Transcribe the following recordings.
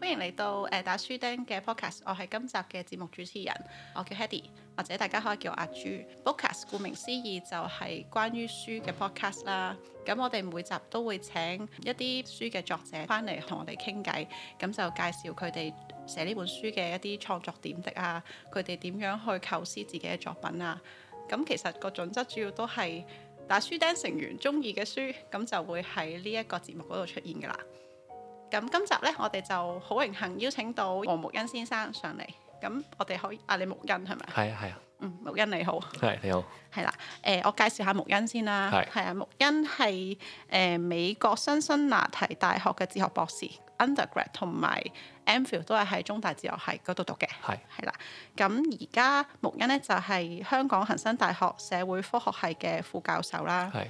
歡迎嚟到誒、呃、打書釘嘅 podcast，我係今集嘅節目主持人，我叫 Hedy，或者大家可以叫我阿朱。Bookcast 顧名思義就係關於書嘅 podcast 啦。咁我哋每集都會請一啲書嘅作者翻嚟同我哋傾偈，咁就介紹佢哋寫呢本書嘅一啲創作點滴啊，佢哋點樣去構思自己嘅作品啊。咁其實個準則主要都係打書釘成員中意嘅書，咁就會喺呢一個節目嗰度出現噶啦。咁今集咧，我哋就好榮幸邀請到黃沐恩先生上嚟。咁我哋可以嗌你啊，你沐恩係咪？係啊，係啊。嗯，沐恩你好。係你好。係啦，誒，我介紹下沐恩先啦。係是。啊，沐恩係誒美國辛辛那提大學嘅哲學博士，undergrad 同埋 MPhil 都係喺中大哲學系嗰度讀嘅。係是。係啦、啊，咁而家沐恩咧就係、是、香港恒生大學社會科學系嘅副教授啦。係是。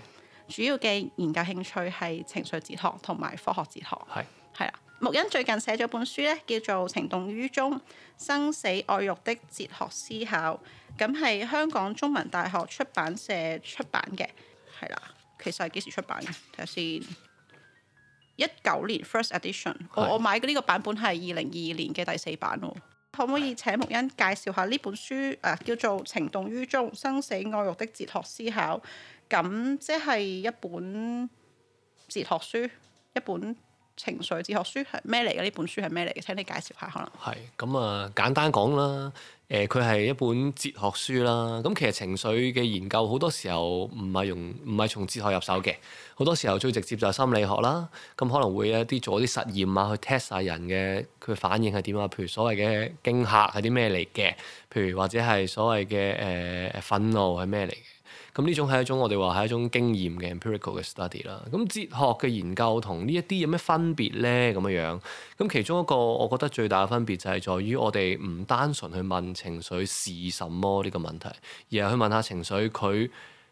主要嘅研究興趣係情緒哲學同埋科學哲學。係。係啦，沐恩最近寫咗本書咧，叫做《情動於中，生死愛慾的哲學思考》，咁係香港中文大學出版社出版嘅。係啦，其實係幾時出版嘅？睇下先，一九年 First Edition 的、哦。我我買嘅呢個版本係二零二二年嘅第四版喎。的可唔可以請沐恩介紹下呢本書？誒、啊，叫做《情動於中，生死愛慾的哲學思考》，咁即係一本哲學書，一本。情緒哲學書係咩嚟嘅？呢本書係咩嚟嘅？請你介紹下可能。係咁啊，簡單講啦。誒、呃，佢係一本哲學書啦。咁、嗯、其實情緒嘅研究好多時候唔係用唔係從哲學入手嘅。好多時候最直接就係心理學啦。咁、嗯、可能會一啲做一啲實驗啊，去 test 曬人嘅佢反應係點啊？譬如所謂嘅驚嚇係啲咩嚟嘅？譬如或者係所謂嘅誒憤怒係咩嚟嘅？咁呢種係一種我哋話係一種經驗嘅 empirical 嘅 study 啦。咁哲學嘅研究同呢一啲有咩分別咧？咁樣樣，咁其中一個我覺得最大嘅分別就係在於我哋唔單純去問情緒是什麼呢個問題，而係去問下情緒佢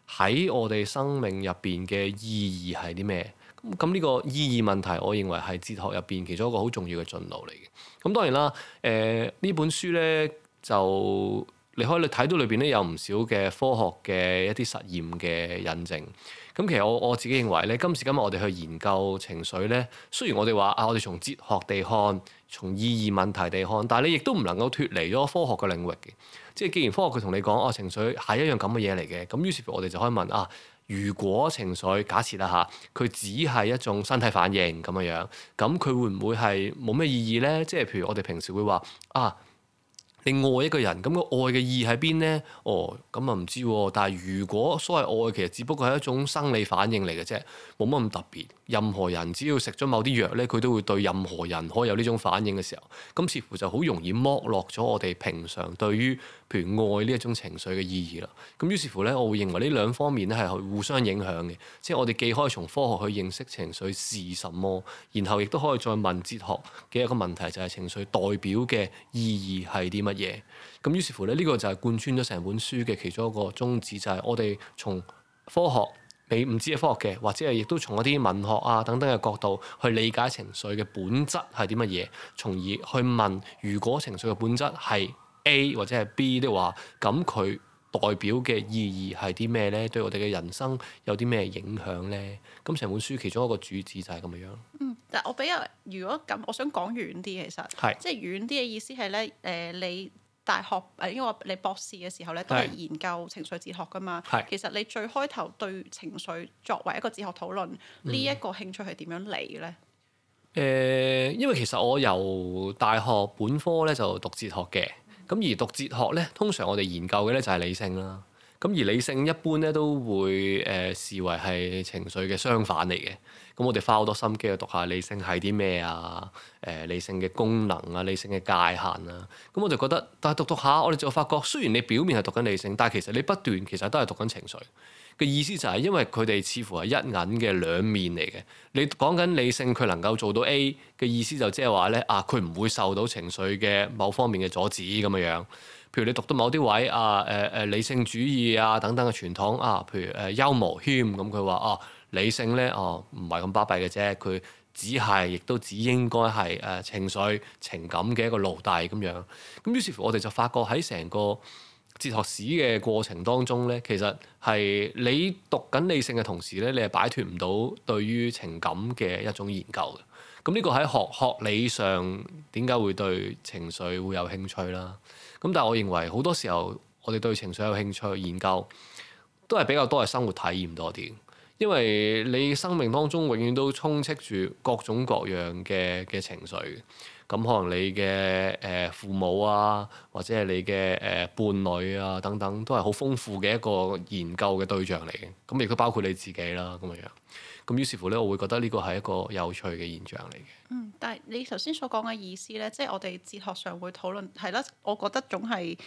喺我哋生命入邊嘅意義係啲咩。咁呢個意義問題，我認為係哲學入邊其中一個好重要嘅進路嚟嘅。咁當然啦，誒、呃、呢本書咧就。你可以睇到裏邊咧有唔少嘅科學嘅一啲實驗嘅印證。咁其實我我自己認為咧，今時今日我哋去研究情緒咧，雖然我哋話啊，我哋從哲學地看，從意義問題地看，但係你亦都唔能夠脱離咗科學嘅領域嘅。即係既然科學佢同你講啊，情緒係一樣咁嘅嘢嚟嘅，咁於是乎我哋就可以問啊，如果情緒假設啦嚇，佢只係一種身體反應咁樣樣，咁佢會唔會係冇咩意義咧？即係譬如我哋平時會話啊。你愛一個人，咁個愛嘅意義喺邊呢？哦，咁啊唔知喎。但係如果所謂愛其實只不過係一種生理反應嚟嘅啫，冇乜咁特別。任何人只要食咗某啲藥呢，佢都會對任何人可以有呢種反應嘅時候，咁似乎就好容易剝落咗我哋平常對於。譬如愛呢一種情緒嘅意義啦，咁於是乎咧，我會認為呢兩方面咧係互相影響嘅，即係我哋既可以從科學去認識情緒是什麼，然後亦都可以再問哲學嘅一個問題，就係情緒代表嘅意義係啲乜嘢？咁於是乎咧，呢個就係貫穿咗成本書嘅其中一個宗旨，就係我哋從科學你唔知係科學嘅，或者係亦都從一啲文學啊等等嘅角度去理解情緒嘅本質係啲乜嘢，從而去問如果情緒嘅本質係 A 或者係 B 的話，咁佢代表嘅意義係啲咩呢？對我哋嘅人生有啲咩影響呢？咁成本書其中一個主旨就係咁樣樣、嗯、但我比較如果咁，我想講遠啲，其實是即係遠啲嘅意思係呢。誒、呃，你大學因為你博士嘅時候呢，都係研究情緒哲學噶嘛。是其實你最開頭對情緒作為一個哲學討論呢一個興趣係點樣嚟呢？誒、嗯，因為其實我由大學本科呢，就讀哲學嘅。咁而讀哲學咧，通常我哋研究嘅咧就係理性啦。咁而理性一般咧都會誒、呃、視為係情緒嘅相反嚟嘅。咁我哋花好多心機去讀下理性係啲咩啊？誒理性嘅功能啊，理性嘅界限啊。咁我就覺得，但係讀讀下，我哋就發覺，雖然你表面係讀緊理性，但係其實你不斷其實都係讀緊情緒。嘅意思就係因為佢哋似乎係一銀嘅兩面嚟嘅，你講緊理性佢能夠做到 A 嘅意思就即係話咧啊，佢唔會受到情緒嘅某方面嘅阻止咁樣樣。譬如你讀到某啲位啊誒誒、呃、理性主義啊等等嘅傳統啊，譬如誒休謨軒咁，佢話哦，理性咧哦唔係咁巴閉嘅啫，佢只係亦都只應該係誒情緒情感嘅一個奴隸咁樣。咁於是乎我哋就發覺喺成個。哲學史嘅過程當中咧，其實係你讀緊理性嘅同時咧，你係擺脫唔到對於情感嘅一種研究嘅。咁呢個喺學學理上點解會對情緒會有興趣啦？咁但係我認為好多時候我哋對情緒有興趣嘅研究，都係比較多係生活體驗多啲，因為你生命當中永遠都充斥住各種各樣嘅嘅情緒。咁可能你嘅誒父母啊，或者係你嘅誒伴侶啊等等，都係好豐富嘅一個研究嘅對象嚟嘅。咁亦都包括你自己啦，咁樣。咁於是乎咧，我會覺得呢個係一個有趣嘅現象嚟嘅。嗯，但係你頭先所講嘅意思咧，即係我哋哲學上會討論，係啦，我覺得總係。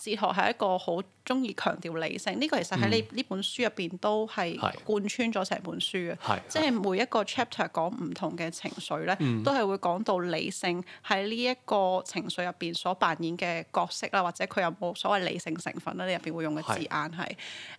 哲學係一個好中意強調理性，呢個其實喺你呢本書入邊都係貫穿咗成本書嘅，即係 每一個 chapter 講唔同嘅情緒咧，都係會講到理性喺呢一個情緒入邊所扮演嘅角色啦，或者佢有冇所謂理性成分咧？你入邊會用嘅字眼係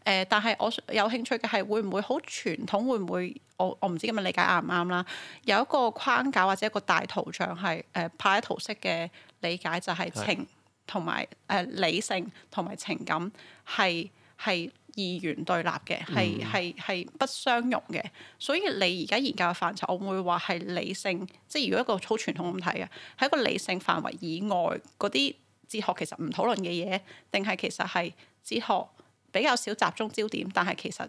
誒， 但係我有興趣嘅係會唔會好傳統？會唔會我我唔知咁嘅理解啱唔啱啦？有一個框架或者一個大圖像係誒派圖式嘅理解就係情。 同埋誒理性同埋情感係係二元對立嘅，係係係不相容嘅。所以你而家研究嘅範疇，我唔會話係理性。即係如果一個好傳統咁睇嘅，係，一個理性範圍以外嗰啲哲學其實唔討論嘅嘢，定係其實係哲學比較少集中焦點，但係其實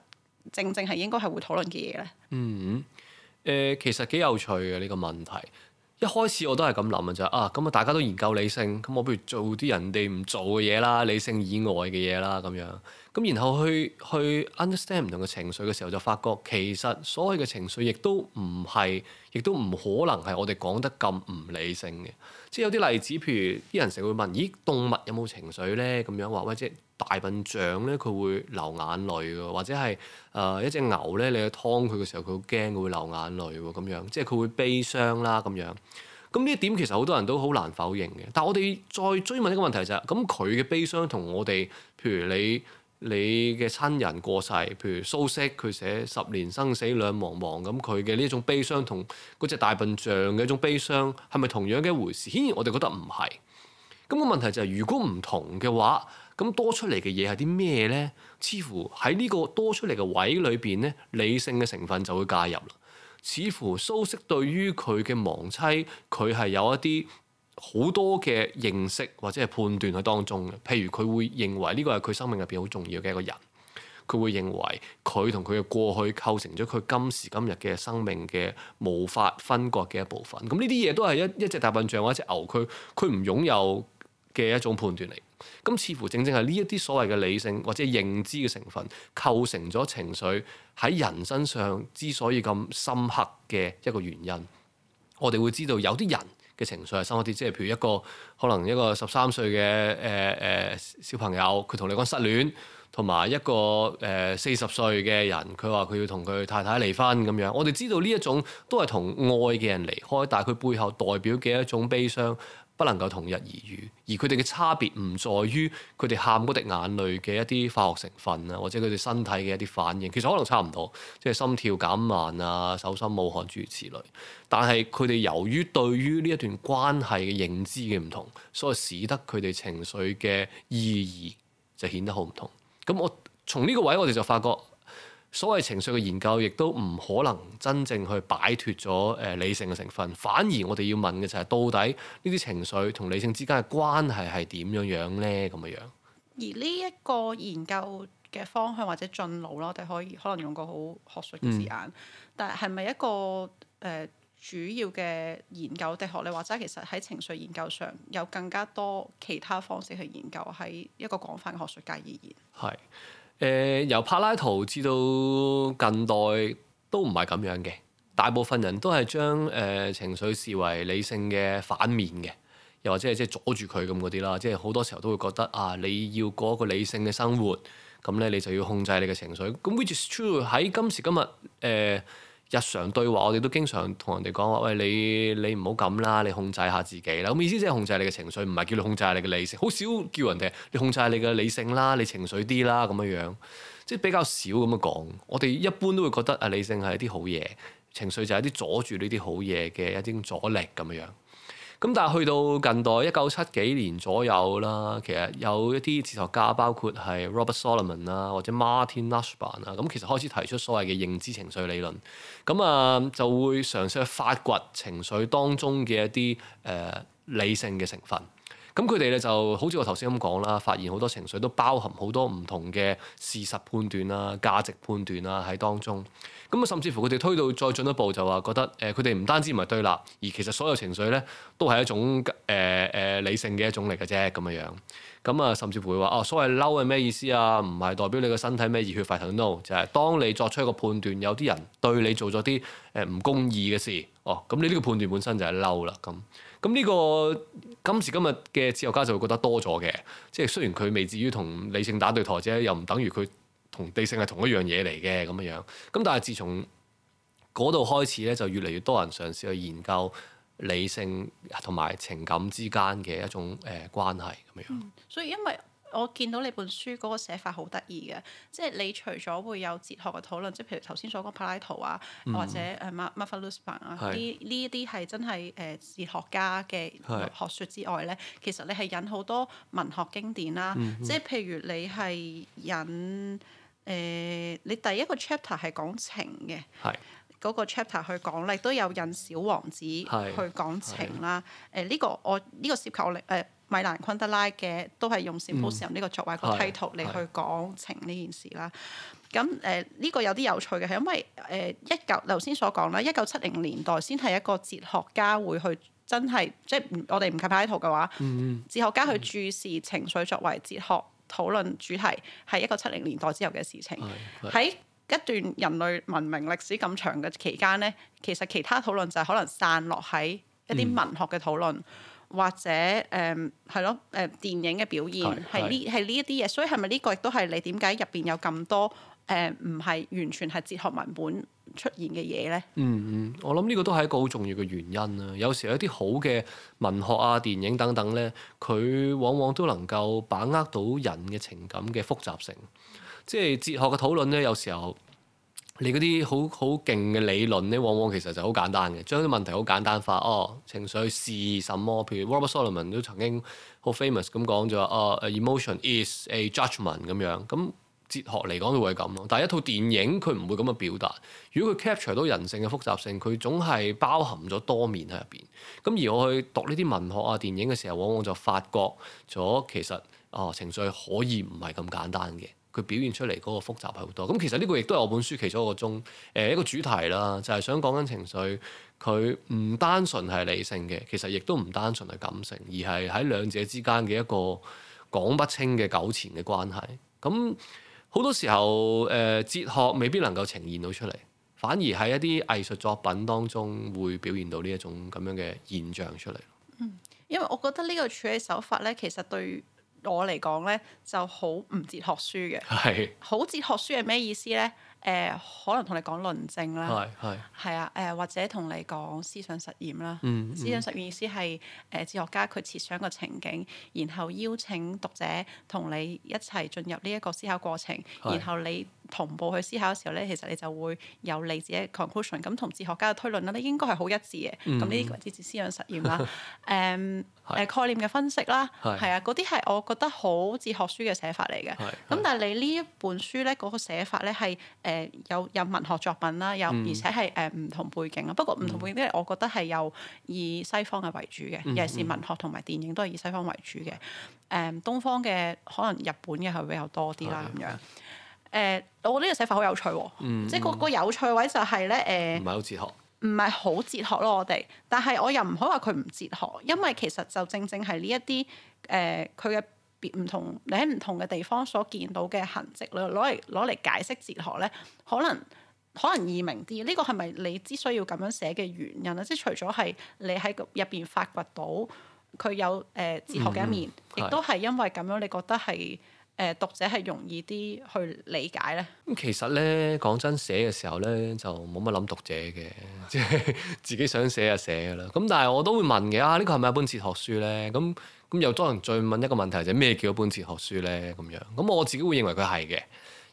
正正係應該係會討論嘅嘢咧。嗯誒、呃，其實幾有趣嘅呢、這個問題。一開始我都係咁諗啊，就啊咁啊，大家都研究理性，咁、嗯、我不如做啲人哋唔做嘅嘢啦，理性以外嘅嘢啦，咁樣，咁然後去去 understand 唔同嘅情緒嘅時候，就發覺其實所有嘅情緒亦都唔係，亦都唔可能係我哋講得咁唔理性嘅。即係有啲例子，譬如啲人成日會問：咦，動物有冇情緒呢？咁樣話，喂，即大笨象咧，佢會流眼淚嘅，或者係誒、呃、一隻牛咧，你去劏佢嘅時候，佢好驚，佢會流眼淚喎，咁樣即係佢會悲傷啦。咁樣咁呢一點其實好多人都好難否認嘅。但係我哋再追問一個問題就係、是，咁佢嘅悲傷同我哋，譬如你你嘅親人過世，譬如蘇適佢寫十年生死兩茫茫咁，佢嘅呢一種悲傷同嗰隻大笨象嘅一種悲傷係咪同樣嘅一回事？顯然我哋覺得唔係。咁個問題就係、是，如果唔同嘅話，咁多出嚟嘅嘢係啲咩咧？似乎喺呢個多出嚟嘅位裏邊，咧，理性嘅成分就會介入啦。似乎蘇軾對於佢嘅亡妻，佢係有一啲好多嘅認識或者係判斷喺當中嘅。譬如佢會認為呢個係佢生命入邊好重要嘅一個人，佢會認為佢同佢嘅過去構成咗佢今時今日嘅生命嘅無法分割嘅一部分。咁呢啲嘢都係一一隻大笨象或者牛，佢，佢唔擁有嘅一種判斷嚟。咁似乎正正係呢一啲所謂嘅理性或者認知嘅成分，構成咗情緒喺人身上之所以咁深刻嘅一個原因。我哋會知道有啲人嘅情緒係深刻啲，即係譬如一個可能一個十三歲嘅誒誒小朋友，佢同你講失戀，同埋一個誒四十歲嘅人，佢話佢要同佢太太離婚咁樣。我哋知道呢一種都係同愛嘅人離開，但係佢背後代表嘅一種悲傷。不能夠同日而語，而佢哋嘅差別唔在於佢哋喊嗰滴眼淚嘅一啲化學成分啊，或者佢哋身體嘅一啲反應，其實可能差唔多，即係心跳減慢啊、手心冒汗諸如此類。但係佢哋由於對於呢一段關係嘅認知嘅唔同，所以使得佢哋情緒嘅意義就顯得好唔同。咁我從呢個位，我哋就發覺，所謂情緒嘅研究，亦都唔可能真正去擺脫咗誒理性嘅成分，反而我哋要問嘅就係，到底呢啲情緒同理性之間嘅關係係點樣樣呢？咁嘅樣。而呢一個研究嘅方向或者進路咯，我哋可以可能用個好學術嘅字眼，嗯、但係咪一個誒、呃、主要嘅研究嘅學理，或者其實喺情緒研究上有更加多其他方式去研究，喺一個廣泛嘅學術界而言。係。誒、呃、由柏拉圖至到近代都唔係咁樣嘅，大部分人都係將誒情緒視為理性嘅反面嘅，又或者係即係阻住佢咁嗰啲啦，即係好多時候都會覺得啊，你要過一個理性嘅生活，咁咧你就要控制你嘅情緒。咁 which is true 喺今時今日誒？呃日常對話，我哋都經常同人哋講話：喂，你你唔好咁啦，你控制下自己啦。咁意思即係控制你嘅情緒，唔係叫你控制下你嘅理性。好少叫人哋你控制下你嘅理性啦，你情緒啲啦，咁樣樣，即係比較少咁樣講。我哋一般都會覺得啊，理性係一啲好嘢，情緒就係一啲阻住呢啲好嘢嘅一啲阻力咁樣樣。咁但係去到近代，一九七幾年左右啦，其實有一啲哲學家包括係 Robert Solomon 啦，或者 Martha Nussbaum 啦，咁其實開始提出所謂嘅認知情緒理論，咁啊就會嘗試去發掘情緒當中嘅一啲誒理性嘅成分。咁佢哋咧就好似我頭先咁講啦，發現好多情緒都包含好多唔同嘅事實判斷啊、價值判斷啊喺當中。咁啊，甚至乎佢哋推到再進一步就話覺得，誒佢哋唔單止唔係對立，而其實所有情緒咧都係一種誒誒、呃呃、理性嘅一種嚟嘅啫咁嘅樣。咁啊，甚至乎會話哦，所謂嬲係咩意思啊？唔係代表你個身體咩熱血沸騰？No，就係當你作出一個判斷，有啲人對你做咗啲誒唔公義嘅事，哦，咁你呢個判斷本身就係嬲啦咁。咁呢個今時今日嘅哲學家就會覺得多咗嘅，即係雖然佢未至於同理性打對台啫，又唔等於佢同理性係同一樣嘢嚟嘅咁樣樣。咁但係自從嗰度開始咧，就越嚟越多人嘗試去研究理性同埋情感之間嘅一種誒、呃、關係咁樣。嗯，所以因為。我見到你本書嗰個寫法好得意嘅，即係你除咗會有哲學嘅討論，即係譬如頭先所講柏拉圖啊，嗯、或者誒馬莎·納斯邦啊，呢呢啲係真係誒哲學家嘅學説之外咧，是其實你係引好多文學經典啦、啊，嗯、哼即係譬如你係引誒、呃、你第一個 chapter 係講情嘅，嗰是個 chapter 去講，你都有引小王子去講情啦。誒呢、嗯這個我呢、這個涉及我誒。呃米蘭昆德拉嘅都係用《小普林尼》呢個作為、嗯、個 title 嚟去講情呢件事啦。咁誒呢個有啲有趣嘅係因為誒、呃、一九頭先所講啦，一九七零年代先係一個哲學家會去真係即係我哋唔及柏拉圖嘅話，嗯、哲學家去注視情緒作為哲學討論主題係一個七零年代之後嘅事情。喺、嗯、一段人類文明歷史咁長嘅期間呢，其實其他討論就係可能散落喺一啲文學嘅討論。嗯或者誒係、嗯、咯誒、呃、電影嘅表現係呢係呢一啲嘢，所以係咪呢個亦都係你點解入邊有咁多誒唔係完全係哲學文本出現嘅嘢呢？嗯嗯，我諗呢個都係一個好重要嘅原因啊。有時候有一啲好嘅文學啊、電影等等呢，佢往往都能夠把握到人嘅情感嘅複雜性，即係哲學嘅討論呢，有時候，你嗰啲好好勁嘅理論咧，往往其實就好簡單嘅，將啲問題好簡單化。哦，情緒係什麼？譬如 Robert Solomon 都曾經好 famous 咁講咗啊、哦、emotion is a judgment 咁樣。咁、嗯、哲學嚟講就係咁咯。但係一套電影佢唔會咁嘅表達。如果佢 capture 到人性嘅複雜性，佢總係包含咗多面喺入邊。咁而我去讀呢啲文學啊、電影嘅時候，往往就發覺咗其實啊、哦，情緒可以唔係咁簡單嘅。佢表現出嚟嗰個複雜好多，咁其實呢個亦都係我本書其中一個中誒、呃、一個主題啦，就係、是、想講緊情緒，佢唔單純係理性嘅，其實亦都唔單純係感性，而係喺兩者之間嘅一個講不清嘅糾纏嘅關係。咁、嗯、好多時候誒、呃，哲學未必能夠呈現到出嚟，反而喺一啲藝術作品當中會表現到呢一種咁樣嘅現象出嚟、嗯。因為我覺得呢個處理手法咧，其實對。我嚟講咧就好唔哲學書嘅，好 哲學書係咩意思咧？誒、呃，可能同你講論證啦，係 啊，誒或者同你講思想實驗啦。嗯、思想實驗意思係誒、呃、哲學家佢設想個情景，然後邀請讀者同你一齊進入呢一個思考過程， 然後你。同步去思考嘅時候咧，其實你就會有你自己嘅 conclusion，咁同哲學家嘅推論咧，應該係好一致嘅。咁呢啲哲哲思想實驗啦，誒誒概念嘅分析啦，係是啊，嗰啲係我覺得好哲學書嘅寫法嚟嘅。咁是但係你呢一本書咧，嗰個寫法咧係誒有有文學作品啦、呃，有、呃、而且係誒唔同背景啊。不過唔同背景因為，我覺得係有以西方嘅為主嘅，尤其是文學同埋電影都係以西方為主嘅。誒、呃、東方嘅可能日本嘅係比較多啲啦，咁樣是。誒、呃，我呢個寫法好有趣喎、哦，嗯、即係個有趣位就係、是、咧，誒、呃，唔係好哲學，唔係好哲學咯，我哋，但係我又唔可以話佢唔哲學，因為其實就正正係呢一啲誒，佢、呃、嘅別唔同你喺唔同嘅地方所見到嘅痕跡，攞攞嚟攞嚟解釋哲學咧，可能可能易明啲，呢個係咪你只需要咁樣寫嘅原因啊？即係除咗係你喺入邊發掘到佢有誒哲學嘅一面，亦都係因為咁樣，你覺得係。誒讀者係容易啲去理解咧。咁其實咧，講真寫嘅時候咧，就冇乜諗讀者嘅，即 係自己想寫就寫噶啦。咁但係我都會問嘅啊，呢、呢個係咪一本哲學書咧？咁咁又可能再問一個問題就係咩叫一本哲學書咧？咁樣，咁我自己會認為佢係嘅，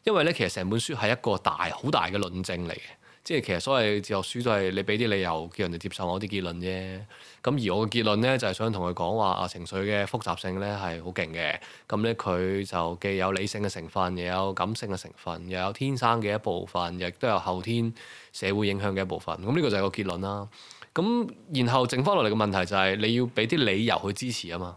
因為咧其實成本書係一個大好大嘅論證嚟嘅。即係其實所謂哲學書都係你俾啲理由叫人哋接受我啲結論啫。咁而我嘅結論呢，就係想同佢講話啊情緒嘅複雜性呢係好勁嘅。咁呢，佢就既有理性嘅成分，又有感性嘅成分，又有天生嘅一部分，亦都有後天社會影響嘅一部分。咁呢個就係個結論啦。咁然後剩翻落嚟嘅問題就係你要俾啲理由去支持啊嘛。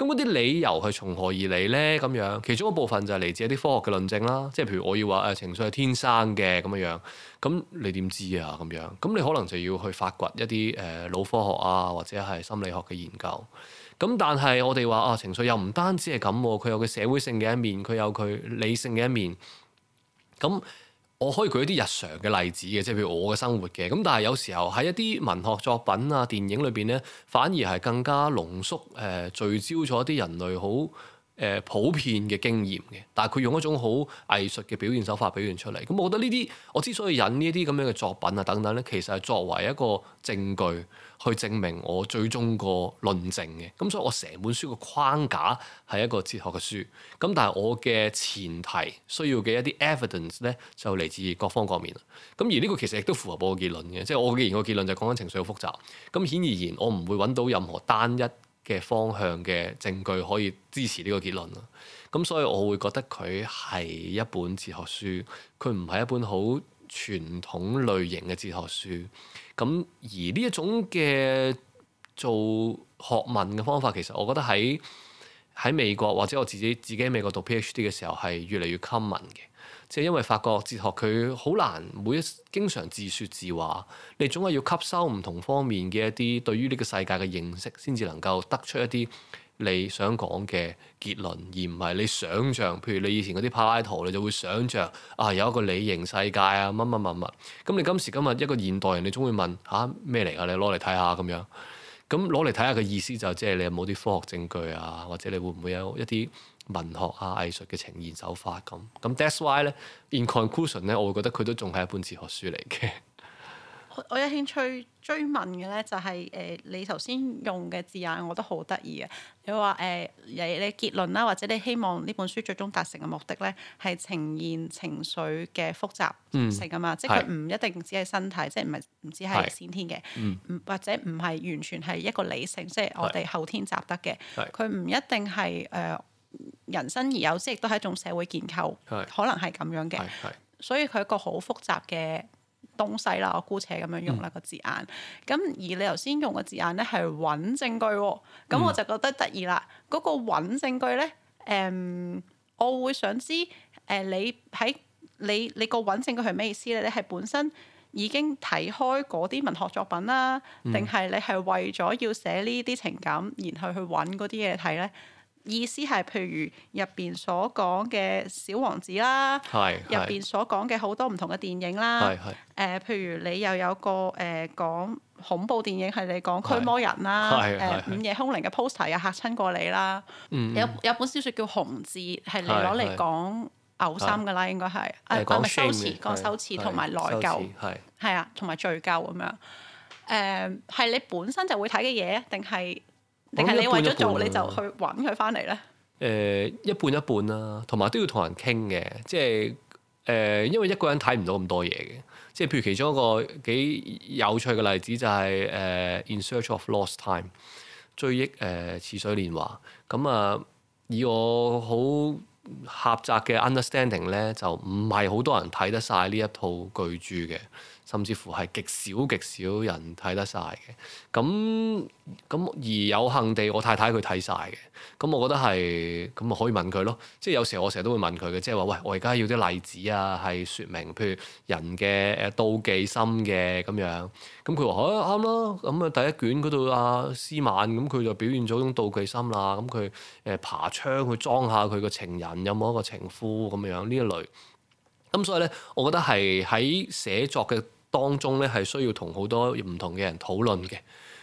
咁嗰啲理由係從何而嚟呢？咁樣，其中一部分就係嚟自一啲科學嘅論證啦。即係譬如我要話誒、呃、情緒係天生嘅咁樣，咁你點知啊？咁樣，咁你可能就要去發掘一啲誒腦科學啊，或者係心理學嘅研究。咁、嗯、但係我哋話、呃、啊，情緒又唔單止係咁，佢有佢社會性嘅一面，佢有佢理性嘅一面。咁、嗯。我可以舉一啲日常嘅例子嘅，即係譬如我嘅生活嘅。咁但係有時候喺一啲文學作品啊、電影裏邊咧，反而係更加濃縮、誒、呃、聚焦咗一啲人類好誒、呃、普遍嘅經驗嘅。但係佢用一種好藝術嘅表現手法表現出嚟。咁我覺得呢啲，我之所以引呢啲咁樣嘅作品啊等等咧，其實係作為一個證據。去證明我最終個論證嘅，咁所以我成本書個框架係一個哲學嘅書，咁但係我嘅前提需要嘅一啲 evidence 呢，就嚟自各方各面啦。咁而呢個其實亦都符合我個結論嘅，即係我嘅研究結論就講緊情緒好複雜。咁顯而然，我唔會揾到任何單一嘅方向嘅證據可以支持呢個結論啦。咁所以我會覺得佢係一本哲學書，佢唔係一本好傳統類型嘅哲學書，咁而呢一種嘅做學問嘅方法，其實我覺得喺喺美國或者我自己自己喺美國讀 PhD 嘅時候係越嚟越 common 嘅，即係因為發覺哲學佢好難，每一經常自説自話，你總係要吸收唔同方面嘅一啲對於呢個世界嘅認識，先至能夠得出一啲你想講嘅結論，而唔係你想象。譬如你以前嗰啲柏拉圖，你就會想象啊，有一個理型世界啊，乜乜乜物。咁你今時今日一個現代人，你總會問嚇咩嚟啊？你攞嚟睇下咁樣。咁攞嚟睇下嘅意思就即係你有冇啲科學證據啊，或者你會唔會有一啲文學啊、藝術嘅呈現手法咁咁。That's why 咧，in conclusion 咧，我會覺得佢都仲係一本哲學書嚟嘅。我有興趣追問嘅咧，就係誒你頭先用嘅字眼，我覺得好得意嘅。你話誒，你結論啦，或者你希望呢本書最終達成嘅目的咧，係呈現情緒嘅複雜性啊嘛，即係佢唔一定只係身體，即係唔係唔只係先天嘅，或者唔係完全係一個理性，即係我哋後天習得嘅。佢唔一定係誒人生而有，即亦都係一種社會建構，可能係咁樣嘅。所以佢係一個好複雜嘅東西啦，我姑且咁樣用啦個、嗯、字眼。咁而你頭先用個字眼咧，係揾證據、哦。咁我就覺得得意啦。嗰、嗯、個揾證據咧，誒、嗯，我會想知誒、呃，你喺你你個揾證據係咩意思咧？你係本身已經睇開嗰啲文學作品啦，定係你係為咗要寫呢啲情感，然後去揾嗰啲嘢睇咧？意思係，譬如入邊所講嘅小王子啦，入邊所講嘅好多唔同嘅電影啦，誒，譬如你又有個誒講恐怖電影係你講驅魔人啦，誒午夜兇靈嘅 poster 又嚇親過你啦，有有本小説叫紅字係你攞嚟講噁心嘅啦，應該係咪羞恥，講羞恥同埋內疚，係係啊，同埋罪疚咁樣，誒係你本身就會睇嘅嘢定係？定係你為咗做，一半一半啊，你就去揾佢翻嚟咧？誒、呃，一半一半啦、啊，同埋都要同人傾嘅，即係誒、呃，因為一個人睇唔到咁多嘢嘅。即係譬如其中一個幾有趣嘅例子就係、是、誒、呃《In Search of Lost Time》追憶誒《似水年華》。咁啊，以我好狹窄嘅 understanding 咧，就唔係好多人睇得晒呢一套巨著嘅。甚至乎係極少極少人睇得晒嘅，咁咁而有幸地，我太太佢睇晒嘅，咁我覺得係咁啊，可以問佢咯。即係有時我成日都會問佢嘅，即係話喂，我而家要啲例子啊，係説明譬如人嘅誒、呃、妒忌心嘅咁樣。咁佢話好，啱啦，咁啊第一卷嗰度啊斯曼咁，佢就表現咗種妒忌心啦。咁佢誒爬窗去裝下佢個情人，有冇一個情夫咁樣呢一類。咁所以咧，我覺得係喺寫作嘅。當中咧係需要同好多唔同嘅人討論嘅，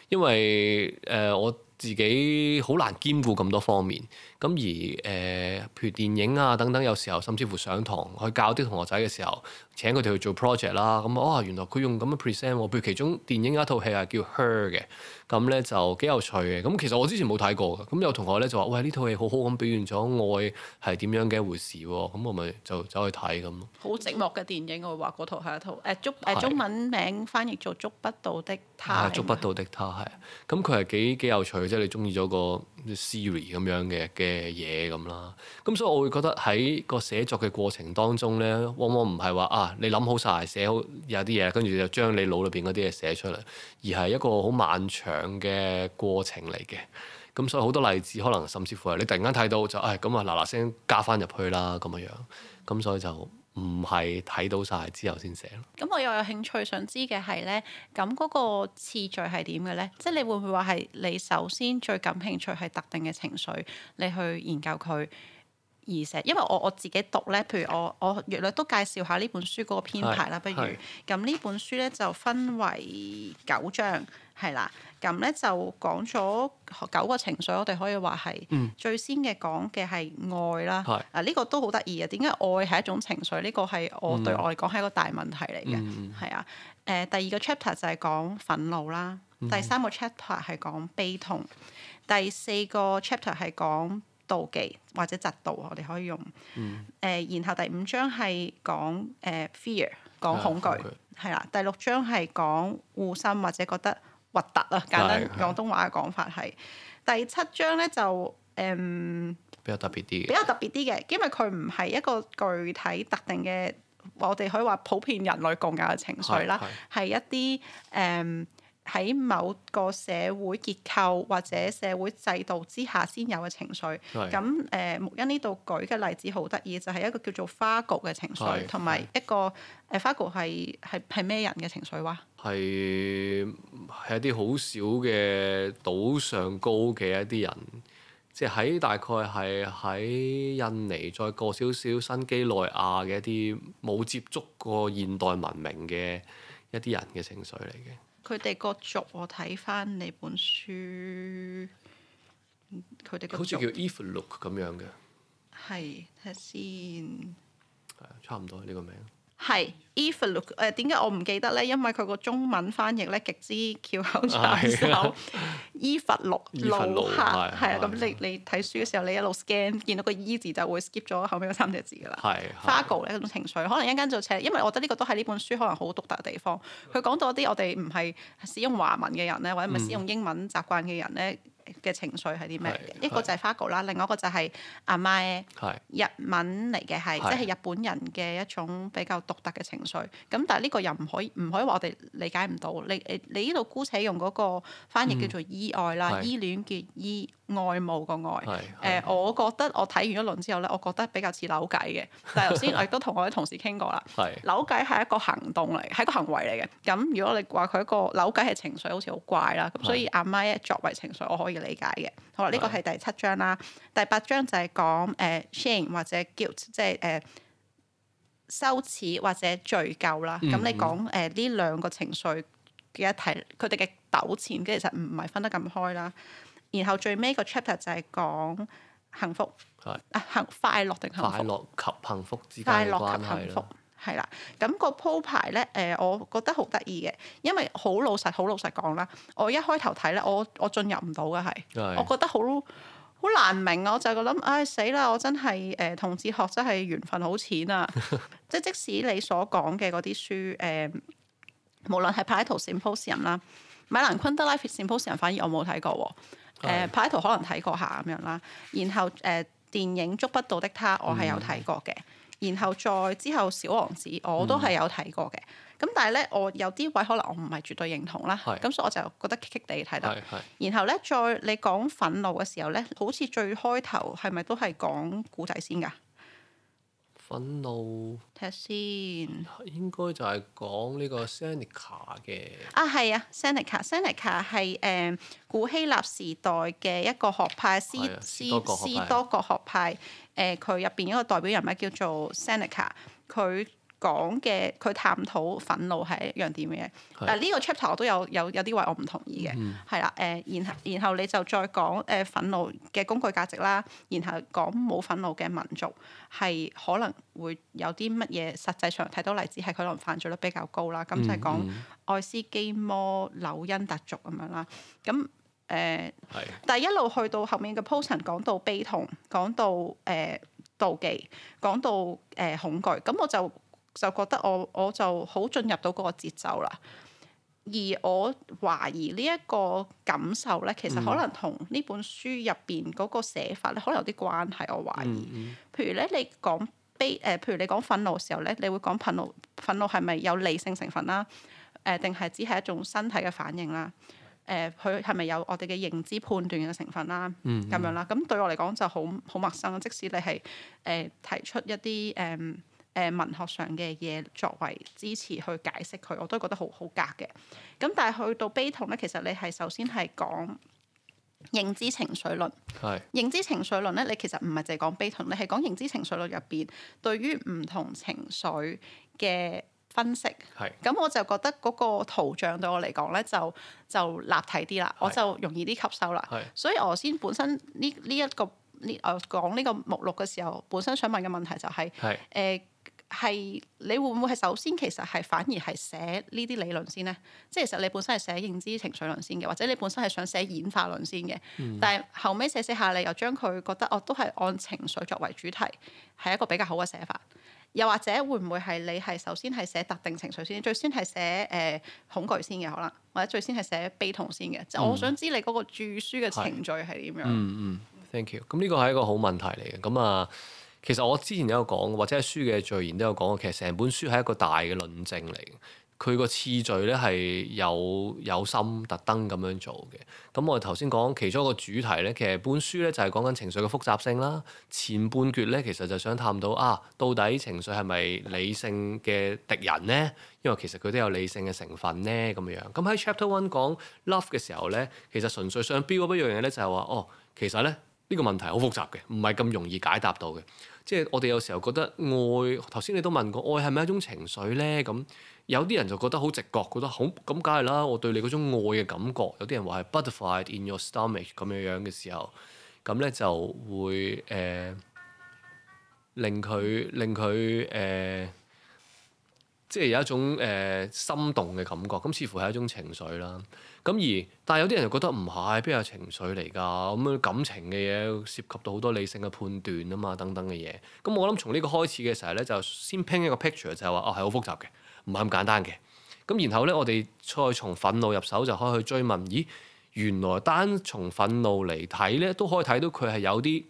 因為誒、呃、我自己好難兼顧咁多方面。咁而誒，譬如電影啊等等，有時候甚至乎上堂去教啲同學仔嘅時候，請佢哋去做 project 啦。咁啊，原來佢用咁嘅 present，譬如其中電影有一套戲啊，叫《Her》嘅，咁咧就幾有趣嘅。咁其實我之前冇睇過嘅，咁有同學咧就話，喂，呢套戲好好咁表現咗愛係點樣嘅一回事喎。咁我咪就走去睇咁咯。好寂寞嘅電影，我話嗰套係一套誒中誒中文名翻譯做《觸不到的她》。《觸不到的她》係，咁佢係幾幾有趣嘅，即係你中意咗個 Siri 咁樣嘅嘅嘢咁啦，咁所以我會覺得喺個寫作嘅過程當中咧，往往唔係話啊你諗好晒寫好有啲嘢，跟住就將你腦裏邊嗰啲嘢寫出嚟，而係一個好漫長嘅過程嚟嘅。咁所以好多例子可能甚至乎係你突然間睇到就唉，咁啊嗱嗱聲加翻入去啦咁樣，咁所以就。唔係睇到晒之後先寫咯。咁我又有，有興趣想知嘅係呢，咁嗰個次序係點嘅呢？即係你會唔會話係你首先最感興趣係特定嘅情緒，你去研究佢？而寫，因為我我自己讀咧，譬如我我略略都介紹下呢本書嗰個編排啦。不如咁呢本書咧就分為九章，係啦，咁咧就講咗九個情緒，我哋可以話係、嗯、最先嘅講嘅係愛啦。是啊，呢、這個都好得意嘅，點解愛係一種情緒？呢、這個係我對我嚟講係一個大問題嚟嘅，係啊、嗯。誒、呃，第二個 chapter 就係講憤怒啦，第三個 chapter 係講悲痛，第四個 chapter 係講妒忌或者嫉妒，我哋可以用。誒、嗯呃，然後第五章係講誒 fear，講恐懼，係啦。第六章係講噁心或者覺得核突啊，簡單廣的東話嘅講法係。第七章咧就誒、嗯、比較特別啲，比較特別啲嘅，因為佢唔係一個具體特定嘅，我哋可以話普遍人類共有嘅情緒啦，係的一啲誒。嗯喺某個社會結構或者社會制度之下先有嘅情緒。咁誒沐恩呢度舉嘅例子好得意，就係、是、一個叫做花局嘅情緒，同埋是一個誒是、呃、花局係係係咩人嘅情緒話？係係一啲好少嘅島上高嘅一啲人，即係喺大概係喺印尼再過少少新幾內亞嘅一啲冇接觸過現代文明嘅一啲人嘅情緒嚟嘅。佢哋個族，我睇翻你本書，佢哋好似叫 Eve Luke 咁樣嘅，係睇下先，係啊，差唔多呢個名。係，伊佛洛誒點解我唔記得咧？因為佢個中文翻譯咧極之翹口，最後伊佛洛路下係啊。咁你你睇書嘅時候，你一路 scan 見到個 E 字就會 skip 咗後面嗰三隻字㗎啦。Fargo 咧嗰種情緒，可能一間就扯，因為我覺得呢個都係呢本書可能好獨特嘅地方。佢講到一啲我哋唔係使用華文嘅人咧，或者唔係使用英文習慣嘅人咧。嗯嘅情緒係啲咩？一個就係花谷啦，另外一個就係阿媽日文嚟嘅，係是即係日本人嘅一種比較獨特嘅情緒。咁但係呢個又唔可以唔可以話我哋理解唔到？你誒你呢度姑且用嗰個翻譯叫做依愛啦、依、嗯、戀嘅依愛慕個愛。誒、呃，我覺得我睇完一輪之後咧，我覺得比較似扭計嘅。但係頭先我亦都同我啲同事傾過啦。扭計係一個行動嚟，係個行為嚟嘅。咁如果你話佢一個扭計係情緒，好似好怪啦。咁所以阿媽作為情緒，我可以，理解嘅，好啦，呢、這個係第七章啦，第八章就係講誒 shame 或者 guilt，即係誒、呃、羞恥或者罪疚啦。咁、嗯嗯、你講誒呢兩個情緒嘅一提，佢哋嘅糾纏，跟住其實唔係分得咁開啦。然後最尾個 chapter 就係講幸福，是啊，幸快樂定幸福？快樂及幸福之間嘅關係係啦，咁、那個鋪排咧，誒、呃，我覺得好得意嘅，因為好老實，好老實講啦，我一開頭睇咧，我我進入唔到嘅係，是的 我覺得好好難明啊，我就係諗，唉死啦，我真係誒、呃、同哲學真係緣分好淺啊， 即係即使你所講嘅嗰啲書，誒、呃，無論係柏圖 Symposium 啦，米蘭昆德拉嘅 Symposium 反而我冇睇過喎，誒柏圖可能睇過下咁樣啦，然後誒、呃、電影《捉不到的他》我係有睇過嘅。 然後再之後小王子我都係有睇過嘅，咁但係咧我有啲位可能我唔係絕對認同啦，咁所以我就覺得棘棘地睇到。然後咧再你講憤怒嘅時候咧，好似最開頭係咪都係講古仔先㗎？憤怒睇先，應該就係講呢個 Seneca 嘅。啊係啊 Seneca Seneca 係誒古希臘時代嘅一個學派，斯斯多葛學派。誒佢入邊一個代表人物叫做 Seneca，佢講嘅佢探討憤怒係一樣點嘅，嗱呢的、啊，這個 chapter 我都有有有啲位我唔同意嘅，係啦誒，然後然後你就再講誒、呃、憤怒嘅工具價值啦，然後講冇憤怒嘅民族係可能會有啲乜嘢實際上睇到例子係佢可能犯罪率比較高啦，咁、嗯嗯、就係講愛斯基摩紐因特族咁樣啦，咁。誒，uh, 是但係一路去到後面嘅鋪陳，講到悲痛，講到誒、呃、妒忌，講到誒、呃、恐懼，咁我就就覺得我我就好進入到嗰個節奏啦。而我懷疑呢一個感受咧，其實可能同呢本書入邊嗰個寫法咧，可能有啲關係。我懷疑，嗯嗯譬如咧，你講悲誒、呃，譬如你講憤怒嘅時候咧，你會講憤怒憤怒係咪有理性成分啦、啊？誒、呃，定係只係一種身體嘅反應啦、啊？誒佢係咪有我哋嘅認知判斷嘅成分啦？咁、嗯嗯、樣啦，咁對我嚟講就好好陌生。即使你係誒、呃、提出一啲誒誒文學上嘅嘢作為支持去解釋佢，我都覺得好好隔嘅。咁但係去到悲痛咧，其實你係首先係講認知情緒論，是認知情緒論咧，你其實唔係淨係講悲痛，你係講認知情緒論入邊對於唔同情緒嘅分析，咁是我就覺得嗰個圖像對我嚟講呢，就就立體啲啦，是我就容易啲吸收啦。是所以，我先本身呢呢一個呢我講呢個目錄嘅時候，本身想問嘅問題就係、是，誒係是、呃、你會唔會係首先其實係反而係寫呢啲理論先呢？即係其實你本身係寫認知情緒論先嘅，或者你本身係想寫演化論先嘅，嗯、但係後尾寫寫下你又將佢覺得我都係按情緒作為主題，係一個比較好嘅寫法。又或者會唔會係你係首先係寫特定情緒先，最先係寫誒、呃、恐懼先嘅可能，或者最先係寫悲痛先嘅？就我想知你嗰個著書嘅程序係點樣？嗯嗯，thank you。咁呢個係一個好問題嚟嘅。咁啊，其實我之前有講過，或者書嘅序言都有講過，其實成本書係一個大嘅論證嚟嘅。佢個次序咧，係有有心特登咁樣做嘅。咁我哋頭先講其中一個主題咧，其實本書咧就係講緊情緒嘅複雜性啦。前半段咧，其實就想探討啊，到底情緒係咪理性嘅敵人呢？因為其實佢都有理性嘅成分呢。咁樣咁喺 Chapter One 講 love 嘅時候咧，其實純粹想標嗰一樣嘢咧，就係話哦，其實咧呢、呢個問題好複雜嘅，唔係咁容易解答到嘅。即係我哋有時候覺得愛，頭先你都問過愛係咪一種情緒咧咁。嗯有啲人就覺得好直覺，覺得好咁，梗係啦。我對你嗰種愛嘅感覺，有啲人話係 butterflies in your stomach 咁樣樣嘅時候，咁咧就會誒、呃、令佢令佢誒、呃、即係有一種誒、呃、心動嘅感覺，咁似乎係一種情緒啦。咁而但係有啲人就覺得唔係，邊有情緒嚟㗎？咁感情嘅嘢涉及到好多理性嘅判斷啊嘛，等等嘅嘢。咁我諗從呢個開始嘅時候咧，就先拼一個 picture 就係話啊，係好複雜嘅。唔係咁簡單嘅，咁然後咧，我哋再從憤怒入手，就可以去追問，咦，原來單從憤怒嚟睇咧，都可以睇到佢係有啲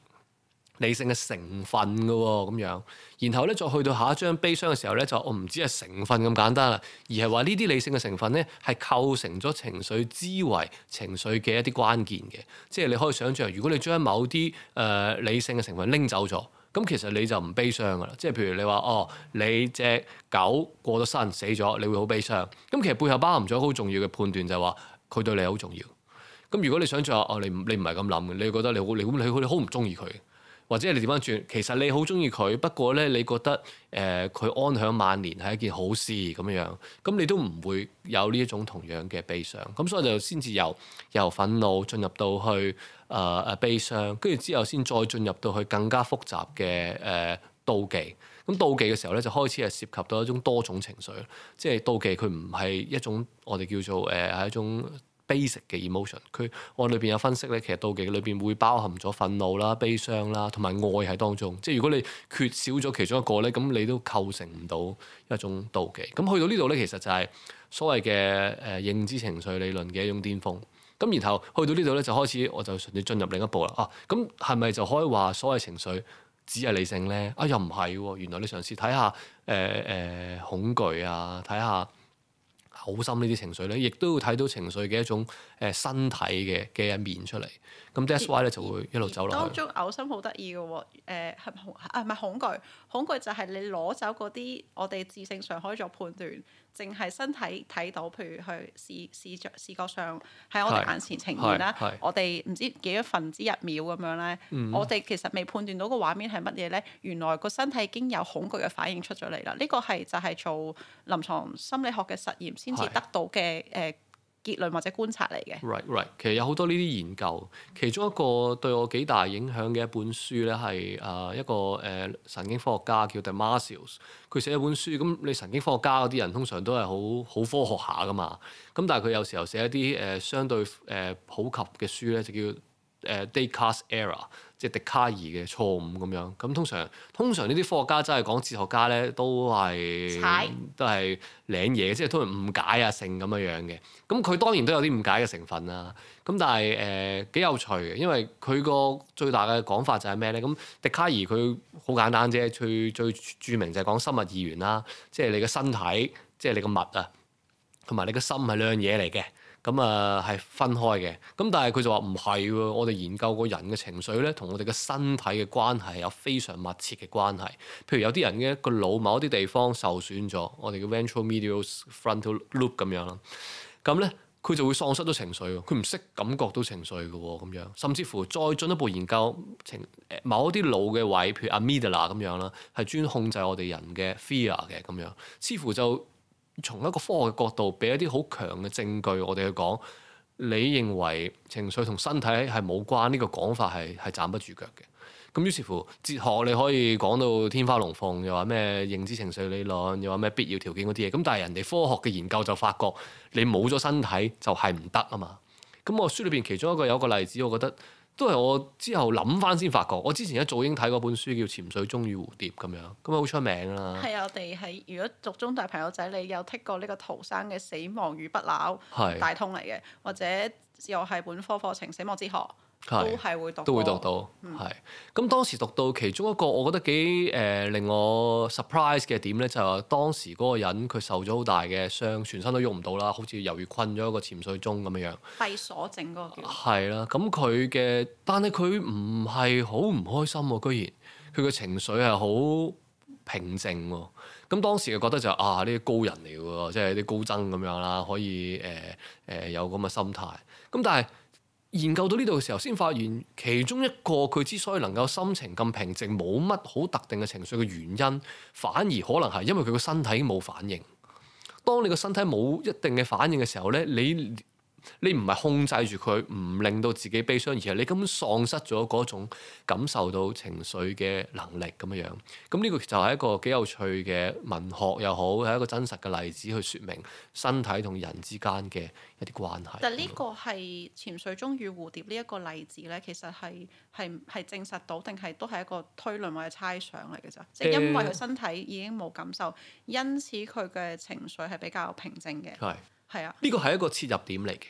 理性嘅成分㗎喎。哦，咁樣，然後咧，再去到下一章悲傷嘅時候咧，就我唔止係成分咁簡單啦，而係話呢啲理性嘅成分咧，係構成咗情緒之為情緒嘅一啲關鍵嘅，即係你可以想像，如果你將某啲誒、呃、理性嘅成分拎走咗。咁其實你就唔悲傷㗎喇，即係譬如你話哦，你隻狗過咗身死咗，你會好悲傷。咁、嗯、其實背後包含咗好重要嘅判斷就，就係話佢對你好重要。咁、嗯、如果你想像哦，你唔你唔係咁諗嘅，你覺得你好你會你好唔中意佢。或者你調翻轉，其實你好中意佢，不過咧你覺得誒佢、呃、安享晚年係一件好事咁樣，咁你都唔會有呢一種同樣嘅悲傷。咁所以就先至由由憤怒進入到去誒誒、呃、悲傷，跟住之後先再進入到去更加複雜嘅誒妒忌。咁妒忌嘅時候咧，就開始係涉及到一種多種情緒，即係妒忌佢唔係一種我哋叫做誒係一種 basic 嘅 emotion，佢我裏邊有分析咧，其實妒忌裏邊會包含咗憤怒啦、悲傷啦，同埋愛喺當中。即係如果你缺少咗其中一個咧，咁你都構成唔到一種妒忌。咁去到呢度咧，其實就係所謂嘅誒、呃、認知情緒理論嘅一種巔峰。咁然後去到呢度咧，就開始我就順著進入另一步啦。啊，咁係咪就可以話所謂情緒只係理性咧？啊，又唔係喎。原來你嘗試睇下誒誒恐懼啊，睇下。好深呢啲情緒咧，亦都會睇到情緒嘅一種誒身體嘅嘅一面出嚟，咁 that's why 咧就會一路走落去。當中噁心好得意嘅喎，誒係恐啊唔係恐懼，恐懼就係你攞走嗰啲我哋自性上可以做判斷，淨係身體睇到，譬如去視視像視覺上喺我哋眼前呈現啦。我哋唔知幾多分之一秒咁樣咧，嗯、我哋其實未判斷到個畫面係乜嘢咧，原來個身體已經有恐懼嘅反應出咗嚟啦。呢、呢個係就係做臨床心理學嘅實驗先至得到嘅誒。結論或者觀察嚟嘅，right right，其實有好多呢啲研究，其中一個對我幾大影響嘅一本書咧係誒一個誒神經科學家叫 Damasio，佢寫一本書，咁你神經科學家嗰啲人通常都係好好科學下噶嘛，咁但係佢有時候寫一啲誒相對誒普及嘅書咧，就叫誒 Descartes' Error。即係笛卡爾嘅錯誤咁樣，咁通常通常呢啲科學家真係講哲學家咧，都係猜都係領嘢，即係通常誤解啊性咁樣樣嘅。咁佢當然都有啲誤解嘅成分啦。咁但係誒幾有趣嘅，因為佢個最大嘅講法就係咩咧？咁笛卡爾佢好簡單啫，最最著名就係講生物二元啦，即係你嘅身體，即係你嘅物啊，同埋你嘅心係兩樣嘢嚟嘅。咁啊，係、嗯、分開嘅。咁但係佢就話唔係喎，我哋研究個人嘅情緒咧，同我哋嘅身體嘅關係係有非常密切嘅關係。譬如有啲人嘅一個腦某一啲地方受損咗，我哋叫 ventral medial frontal loop 咁樣啦，咁咧佢就會喪失咗情緒，佢唔識感覺到情緒嘅喎咁樣。甚至乎再進一步研究情、呃，某一啲腦嘅位，譬如 amygdala 咁樣啦，係專控制我哋人嘅 fear 嘅咁樣，似乎就。從一個科學嘅角度，俾一啲好強嘅證據，我哋去講，你認為情緒同身體係冇關，呢個講法係係站不住腳嘅。咁於是乎，哲學你可以講到天花龍鳳，又話咩認知情緒理論，又話咩必要條件嗰啲嘢。咁但係人哋科學嘅研究就發覺，你冇咗身體就係唔得啊嘛。咁我書裏邊其中一個有一個例子，我覺得。都係我之後諗翻先發覺，我之前一早已英睇嗰本書叫《潛水中與蝴蝶》咁樣，咁咪好出名啦。係我哋喺如果讀中大朋友仔，你有剔過呢個逃生嘅《死亡與不朽》大通嚟嘅，是或者又係本科課程《死亡之河》。都會，都會讀到，都會讀到，係。咁當時讀到其中一個我覺得幾誒、呃、令我 surprise 嘅點呢，就係話當時嗰個人佢受咗好大嘅傷，全身都喐唔到啦，好似猶如困咗一個潛水鐘咁樣樣。閉鎖症嗰個叫。係啦，咁佢嘅，但係佢唔係好唔開心喎，居然佢嘅情緒係好平靜喎。咁當時就覺得就是、啊，呢啲高人嚟㗎喎，即係啲高僧咁樣啦，可以誒誒、呃呃、有咁嘅心態。咁但係。研究到呢度嘅時候，先發現其中一個佢之所以能夠心情咁平靜，冇乜好特定嘅情緒嘅原因，反而可能係因為佢個身體冇反應。當你個身體冇一定嘅反應嘅時候咧，你你唔係控制住佢，唔令到自己悲傷，而係你根本喪失咗嗰種感受到情緒嘅能力咁樣樣。咁呢個就係一個幾有趣嘅文學又好，係一個真實嘅例子去説明身體同人之間嘅一啲關係。但呢個係潛水鐘與蝴蝶呢一個例子咧，其實係係係證實到定係都係一個推論或者猜想嚟嘅啫。即係、欸、因為佢身體已經冇感受，因此佢嘅情緒係比較平靜嘅。係係是啊，呢個係一個切入點嚟嘅。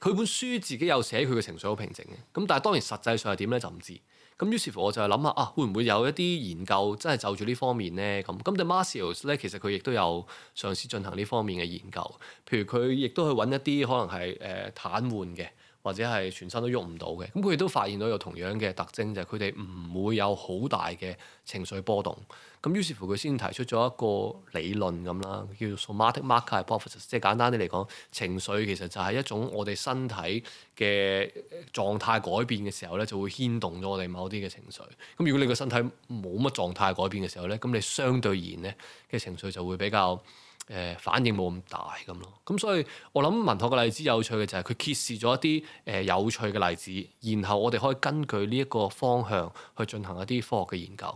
佢本書自己有寫佢嘅情緒好平靜嘅，咁但係當然實際上係點咧，就唔知，咁於是乎我就係諗下啊，會唔會有一啲研究真係就住呢方面咧咁？咁 The Marsilius 咧其實佢亦都有嘗試進行呢方面嘅研究，譬如佢亦都去揾一啲可能係誒癱瘓嘅。呃或者係全身都喐唔到嘅，咁佢哋都發現到有同樣嘅特徵，就係佢哋唔會有好大嘅情緒波動。咁於是乎佢先提出咗一個理論咁啦，叫 somatic marker hypothesis。即係簡單啲嚟講，情緒其實就係一種我哋身體嘅狀態改變嘅時候咧，就會牽動咗我哋某啲嘅情緒。咁如果你個身體冇乜狀態改變嘅時候咧，咁你相對而言咧嘅情緒就會比較，誒，反應冇咁大咁咯。咁所以我諗文學嘅例子有趣嘅就係，佢揭示咗一啲誒，有趣嘅例子，然後我哋可以根據呢一個方向去進行一啲科學嘅研究。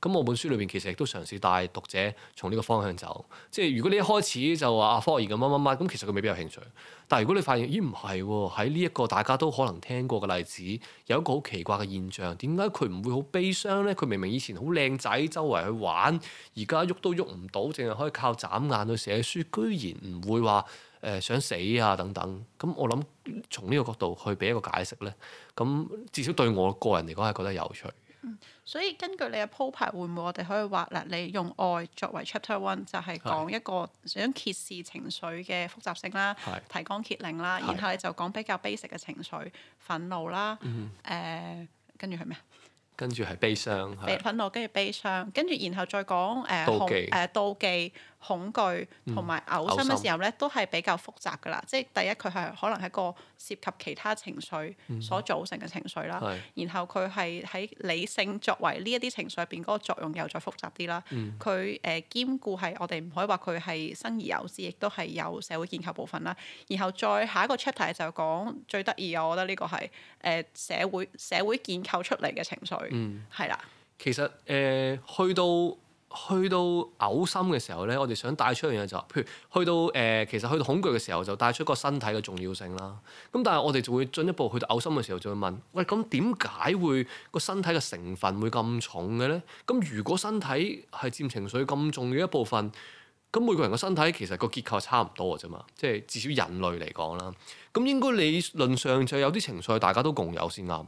咁我本書裏面其實亦都嘗試帶讀者從呢個方向走，即係如果你一開始就話阿科學研咁乜乜乜，咁、啊嗯、其實佢未必有興趣。但係如果你發現咦唔係喎，喺呢一個大家都可能聽過嘅例子，有一個好奇怪嘅現象，點解佢唔會好悲傷呢？佢明明以前好靚仔，周圍去玩，而家喐都喐唔到，淨係可以靠眨眼去寫書，居然唔會話誒、呃、想死啊等等。咁我諗從呢個角度去俾一個解釋呢，咁至少對我個人嚟講係覺得有趣。嗯所以根據你嘅鋪排，會唔會我哋可以話啦？你用愛作為 chapter one，就係講一個想揭示情緒嘅複雜性啦，的提綱挈領啦，然後你就講比較 basic 嘅情緒，憤怒啦，誒跟住係咩？跟住係悲傷。憤怒跟住悲傷，跟住然後再講誒誒妒忌。恐懼同埋嘔心嘅時候咧，都係比較複雜㗎啦。即係第一，佢係可能係一個涉及其他情緒所組成嘅情緒啦。嗯、然後佢係喺理性作為呢一啲情緒入邊嗰個作用又再複雜啲啦。佢誒、嗯呃、兼顧係我哋唔可以話佢係生而有之，亦都係有社會建構部分啦。然後再下一個 chapter 就講最得意，我覺得呢個係誒、呃、社會社會建構出嚟嘅情緒，係啦、嗯。的其實誒、呃、去到。去到嘔心嘅時候咧，我哋想帶出一樣嘢就譬如去到誒、呃，其實去到恐懼嘅時候就帶出個身體嘅重要性啦。咁但係我哋就會進一步去到嘔心嘅時候，就會問：喂，咁點解會個身體嘅成分會咁重嘅咧？咁如果身體係佔情緒咁重要一部分，咁每個人個身體其實個結構差唔多嘅啫嘛，即係至少人類嚟講啦。咁應該理論上就有啲情緒大家都共有先啱。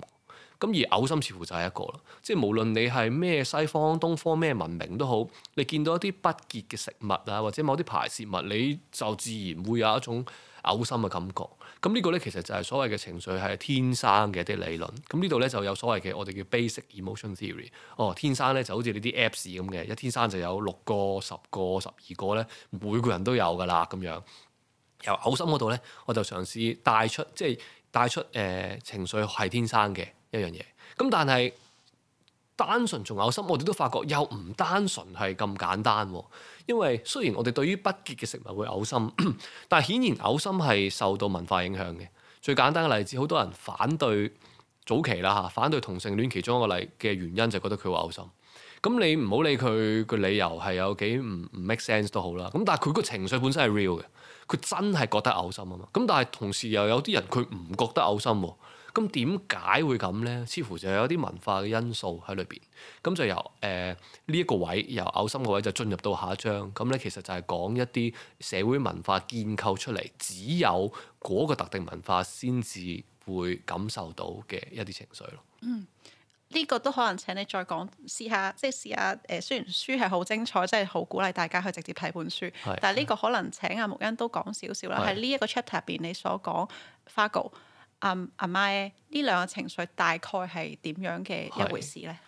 咁而嘔心似乎就係一個啦，即係無論你係咩西方、東方咩文明都好，你見到一啲不潔嘅食物啊，或者某啲排泄物，你就自然會有一種嘔心嘅感覺。咁呢個咧其實就係所謂嘅情緒係天生嘅一啲理論。咁呢度咧就有所謂嘅我哋叫 basic emotion theory。哦，天生咧就好似呢啲 Apps 咁嘅，一天生就有六個、十個、十二個咧，每個人都有㗎啦咁樣。由嘔心嗰度咧，我就嘗試帶出，即係帶出誒、呃、情緒係天生嘅。一樣嘢，咁但係單純仲嘔心，我哋都發覺又唔單純係咁簡單喎。因為雖然我哋對於不潔嘅食物會嘔心， 但係顯然嘔心係受到文化影響嘅。最簡單嘅例子，好多人反對早期啦嚇，反對同性戀其中一個例嘅原因就覺得佢會嘔心。咁 你唔好理佢個理由係有幾唔唔 make sense 都好啦。咁但係佢個情緒本身係 real 嘅，佢真係覺得嘔心啊嘛。咁但係同時又有啲人佢唔覺得嘔心喎。咁點解會咁呢？似乎就有啲文化嘅因素喺裏邊。咁就由誒呢一個位，由噁心個位就進入到下一章。咁咧，其實就係講一啲社會文化建構出嚟，只有嗰個特定文化先至會感受到嘅一啲情緒咯。嗯，呢個都可能請你再講試下，即係試下誒。雖然書係好精彩，即係好鼓勵大家去直接睇本書。是但係呢個可能請阿沐恩都講少少啦。喺呢一個 chapter 入邊，你所講花阿阿媽咧，呢、um, 兩個情緒大概係點樣嘅一回事咧？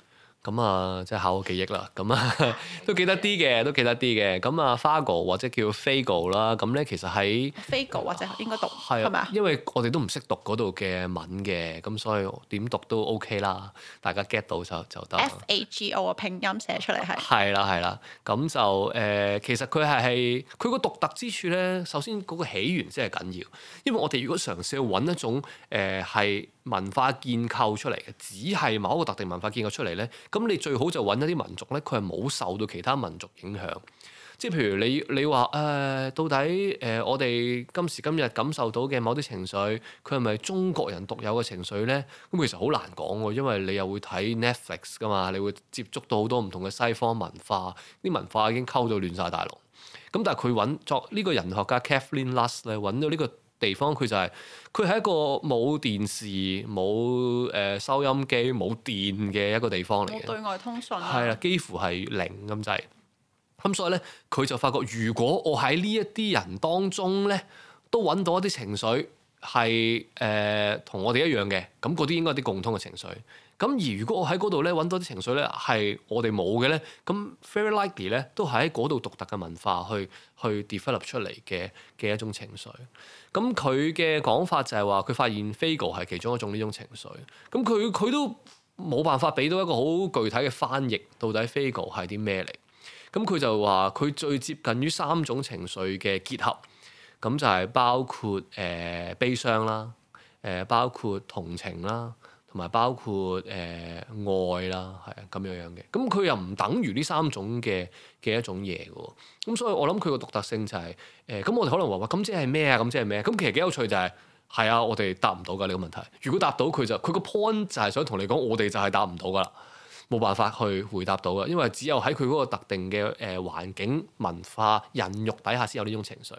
咁啊，即係考我記憶啦。咁啊，都記得啲嘅，都記得啲嘅。咁啊，Fargo 或者叫 Fago 啦。咁咧，其實喺 Fago 或者應該讀係咪？因為我哋都唔識讀嗰度嘅文嘅，咁所以點讀都 OK 啦。大家 get 到就就得。Fago 嘅拼音寫出嚟係。係啦，係啦、啊。咁、啊啊、就誒、呃，其實佢係係佢個獨特之處咧。首先嗰個起源先係緊要，因為我哋如果嘗試去揾一種誒係。呃文化建構出嚟嘅，只係某一個特定文化建構出嚟咧，咁你最好就揾一啲民族咧，佢係冇受到其他民族影響。即係譬如你你話誒、呃，到底誒、呃、我哋今時今日感受到嘅某啲情緒，佢係咪中國人獨有嘅情緒咧？咁其實好難講喎，因為你又會睇 Netflix 㗎嘛，你會接觸到好多唔同嘅西方文化，啲文化已經溝到亂晒大龍。咁但係佢揾作呢個人類學家 Catherine Lass 咧揾到呢、呢個。地方佢就係佢係一個冇電視、冇誒、呃、收音機、冇電嘅一個地方嚟嘅，冇對外通訊、啊，係啦，幾乎係零咁就係。咁所以咧，佢就發覺，如果我喺呢一啲人當中咧，都揾到一啲情緒係誒同我哋一樣嘅，咁嗰啲應該係啲共通嘅情緒。咁而如果我喺嗰度咧揾多啲情緒咧，係我哋冇嘅咧，咁 very likely 咧都係喺嗰度獨特嘅文化去去 develop 出嚟嘅嘅一種情緒。咁佢嘅講法就係話，佢發現 fago 係其中一種呢種情緒。咁佢佢都冇辦法俾到一個好具體嘅翻譯，到底 fago 係啲咩嚟？咁佢就話佢最接近於三種情緒嘅結合。咁就係包括誒、呃、悲傷啦，誒、呃、包括同情啦。同埋包括誒、呃、愛啦，係啊，咁樣樣嘅，咁佢又唔等於呢三種嘅嘅一種嘢嘅喎，咁所以我諗佢個獨特性就係、是、誒，咁、呃、我哋可能話話咁即係咩啊？咁即係咩？咁其實幾有趣就係、是、係啊，我哋答唔到㗎呢個問題。如果答到佢就，佢個 point 就係想同你講，我哋就係答唔到㗎啦，冇辦法去回答到嘅，因為只有喺佢嗰個特定嘅誒環境文化孕育底下先有呢種情緒。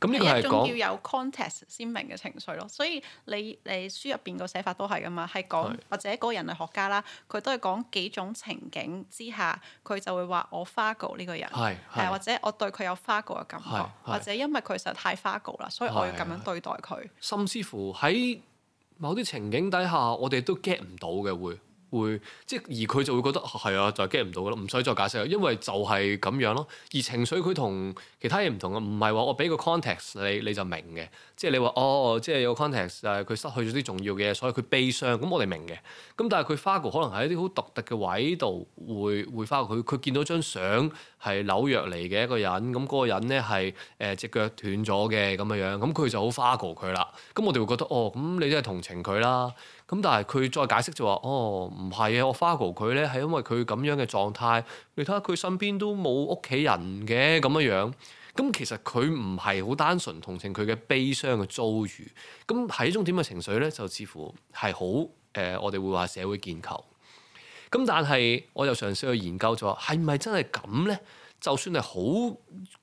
咁呢一仲要有 context 先明嘅情緒咯，所以你你書入邊個寫法都係噶嘛，係講是或者嗰個人類學家啦，佢都係講幾種情景之下，佢就會話我花 a 呢個人，誒是或者我對佢有花 a 嘅感覺，是是是或者因為佢實在太花 a r g o 啦，所以我要咁樣對待佢。甚至乎喺某啲情景底下，我哋都 get 唔到嘅會。會即係而佢就會覺得係、哦、啊，就 get 唔到嘅咯，唔使再解釋，因為就係咁樣咯。而情緒佢同其他嘢唔同啊，唔係話我俾個 context 你你就明嘅。即係你話哦，即係有 context 係佢失去咗啲重要嘅嘢，所以佢悲傷。咁、嗯、我哋明嘅。咁、嗯、但係佢 fago 可能喺啲好獨特嘅位度會會 fago 佢。佢見到張相係紐約嚟嘅一個人，咁、嗯、嗰、那個人咧係誒隻腳斷咗嘅咁嘅樣。咁、嗯、佢就好 fago 佢啦。咁、嗯、我哋會覺得哦，咁你真係同情佢啦。咁但係佢再解釋就話：哦，唔係啊，我發覺佢咧係因為佢咁樣嘅狀態，你睇下佢身邊都冇屋企人嘅咁樣樣。咁其實佢唔係好單純同情佢嘅悲傷嘅遭遇。咁係一種點嘅情緒咧？就似乎係好誒，我哋會話社會建構。咁但係我又嘗試去研究咗，係咪真係咁咧？就算係好